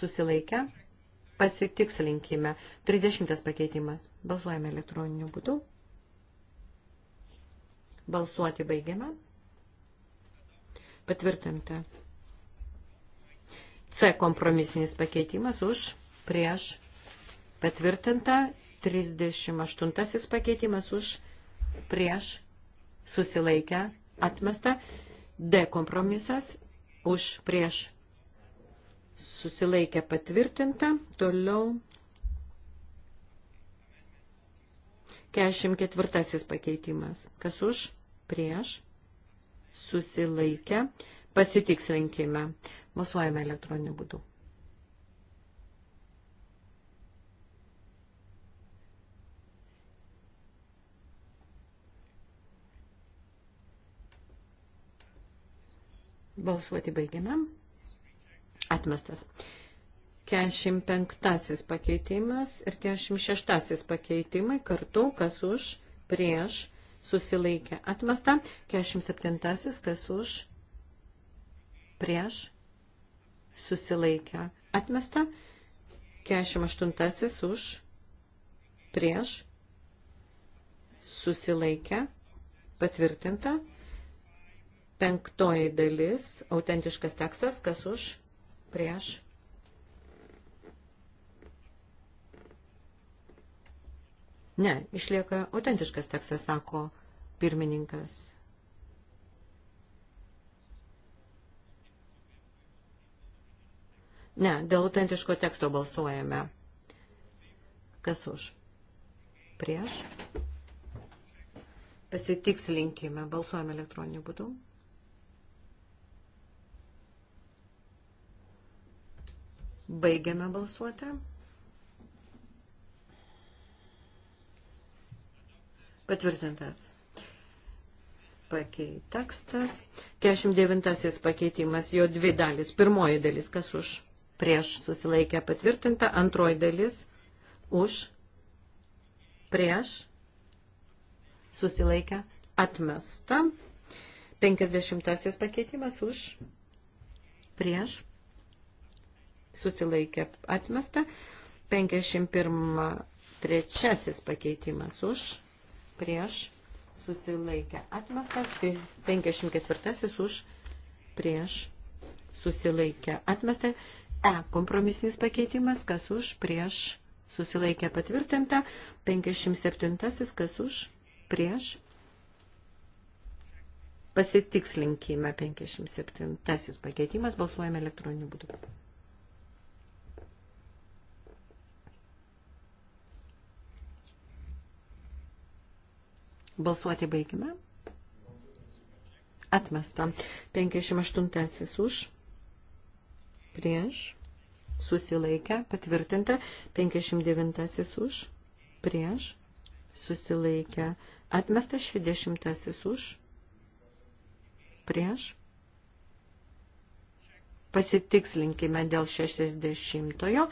susilaikę, pasitikslinkime. 30 pakeitimas, balsuojame elektroniniu būdu. Balsuoti baigiame. Patvirtinta. C kompromisinis pakeitimas už prieš patvirtinta. 38 pakeitimas už prieš susilaikę atmesta. D kompromisas už prieš susilaikę patvirtinta. Toliau 44 pakeitimas. Kas už? prieš, susilaikę, pasitikslinkime. Balsuojame elektroniniu būdu. Balsuoti baigiame. Atmestas. 45 pakeitimas ir 46 pakeitimai kartu, kas už, prieš, susilaikė atmesta, 47 kas už, prieš, susilaikė atmesta, 48 už, prieš, susilaikė patvirtinta, penktoji dalis, autentiškas tekstas, kas už, prieš, Ne, išlieka autentiškas tekstas, sako pirmininkas. Ne, dėl autentiško teksto balsuojame. Kas už? Prieš? Pasitikslinkime, balsuojame elektroniniu būdu. Baigiame balsuoti. Patvirtintas. Pakei tekstas. 49 pakeitimas, jo dvi dalis. Pirmoji dalis, kas už prieš susilaikę patvirtinta, antroji dalis už prieš susilaikę atmesta. 50 pakeitimas už prieš susilaikė atmesta. 51 trečiasis pakeitimas už prieš susilaikę atmesta, 54 už prieš susilaikę atmesta, E kompromisinis pakeitimas, kas už prieš susilaikę patvirtinta, 57 kas už prieš pasitikslinkime 57 pakeitimas, balsuojame elektroniniu būdu. Balsuoti baigime. Atmesta. 58 už. Prieš. Susilaikę. Patvirtinta. 59 už. Prieš. Susilaikę. Atmesta. 60 už. Prieš. Pasitikslinkime dėl 60. -ojo.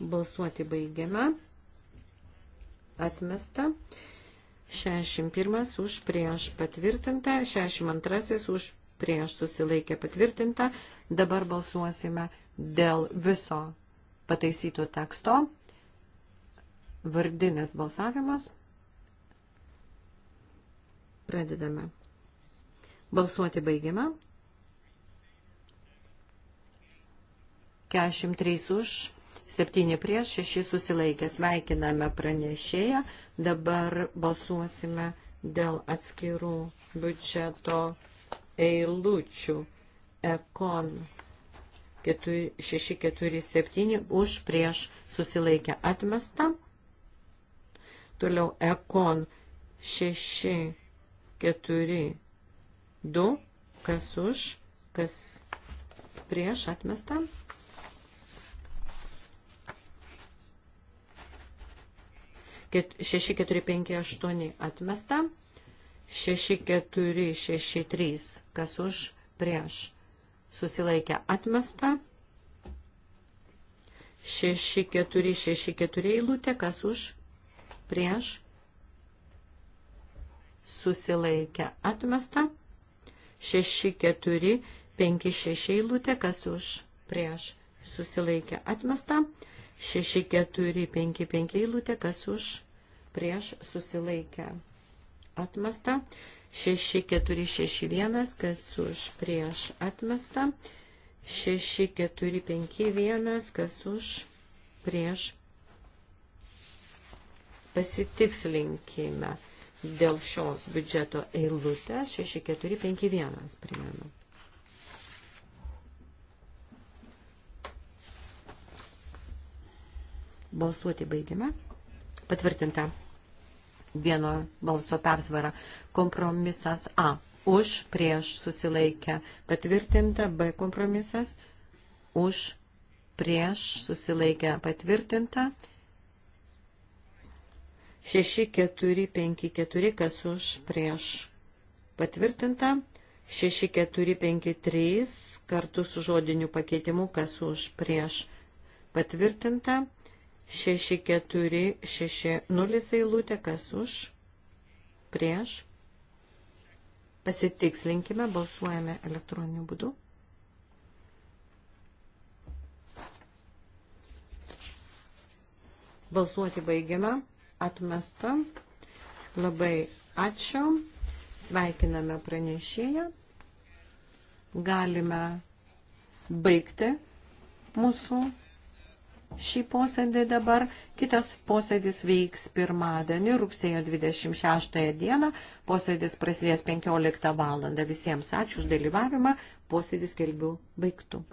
Balsuoti baigiame. Atmesta. 61 už prieš patvirtinta, 62 už prieš susilaikė patvirtinta. Dabar balsuosime dėl viso pataisyto teksto. Vardinis balsavimas. Pradedame. Balsuoti baigiame. 43 už, 7 prieš, 6 susilaikė. Sveikiname pranešėją. Dabar balsuosime dėl atskirų biudžeto eilučių. Ekon 647 už prieš susilaikę atmestą. Toliau Ekon 642, kas už, kas prieš atmestą. 6458 atmesta, 6463 kas už prieš susilaikę atmesta, 6464 eilutė kas už prieš susilaikę atmesta, 6456 eilutė kas už prieš susilaikę atmesta, 6455 eilutė kas už prieš prieš susilaikę atmesta, 6461, kas už prieš atmesta, 6451, kas už prieš pasitikslinkime dėl šios biudžeto eilutės 6451, primenu. Balsuoti baigime. Patvirtinta vieno balso persvara. Kompromisas A. Už, prieš, susilaikę. Patvirtinta B kompromisas. Už, prieš, susilaikę. Patvirtinta. 6, 4, 5, 4, kas už, prieš. Patvirtinta. 6, 4, 5, 3, kartu su žodiniu pakeitimu, kas už, prieš. Patvirtinta. 6460 eilutė, kas už, prieš. Pasitikslinkime, balsuojame elektroniniu būdu. Balsuoti baigiame, atmesta. Labai ačiū, sveikiname pranešėją. Galime baigti mūsų šį posėdį dabar. Kitas posėdis veiks pirmadienį, rugsėjo 26 dieną. Posėdis prasidės 15 val. Visiems ačiū už dalyvavimą. Posėdis kelbiu baigtų.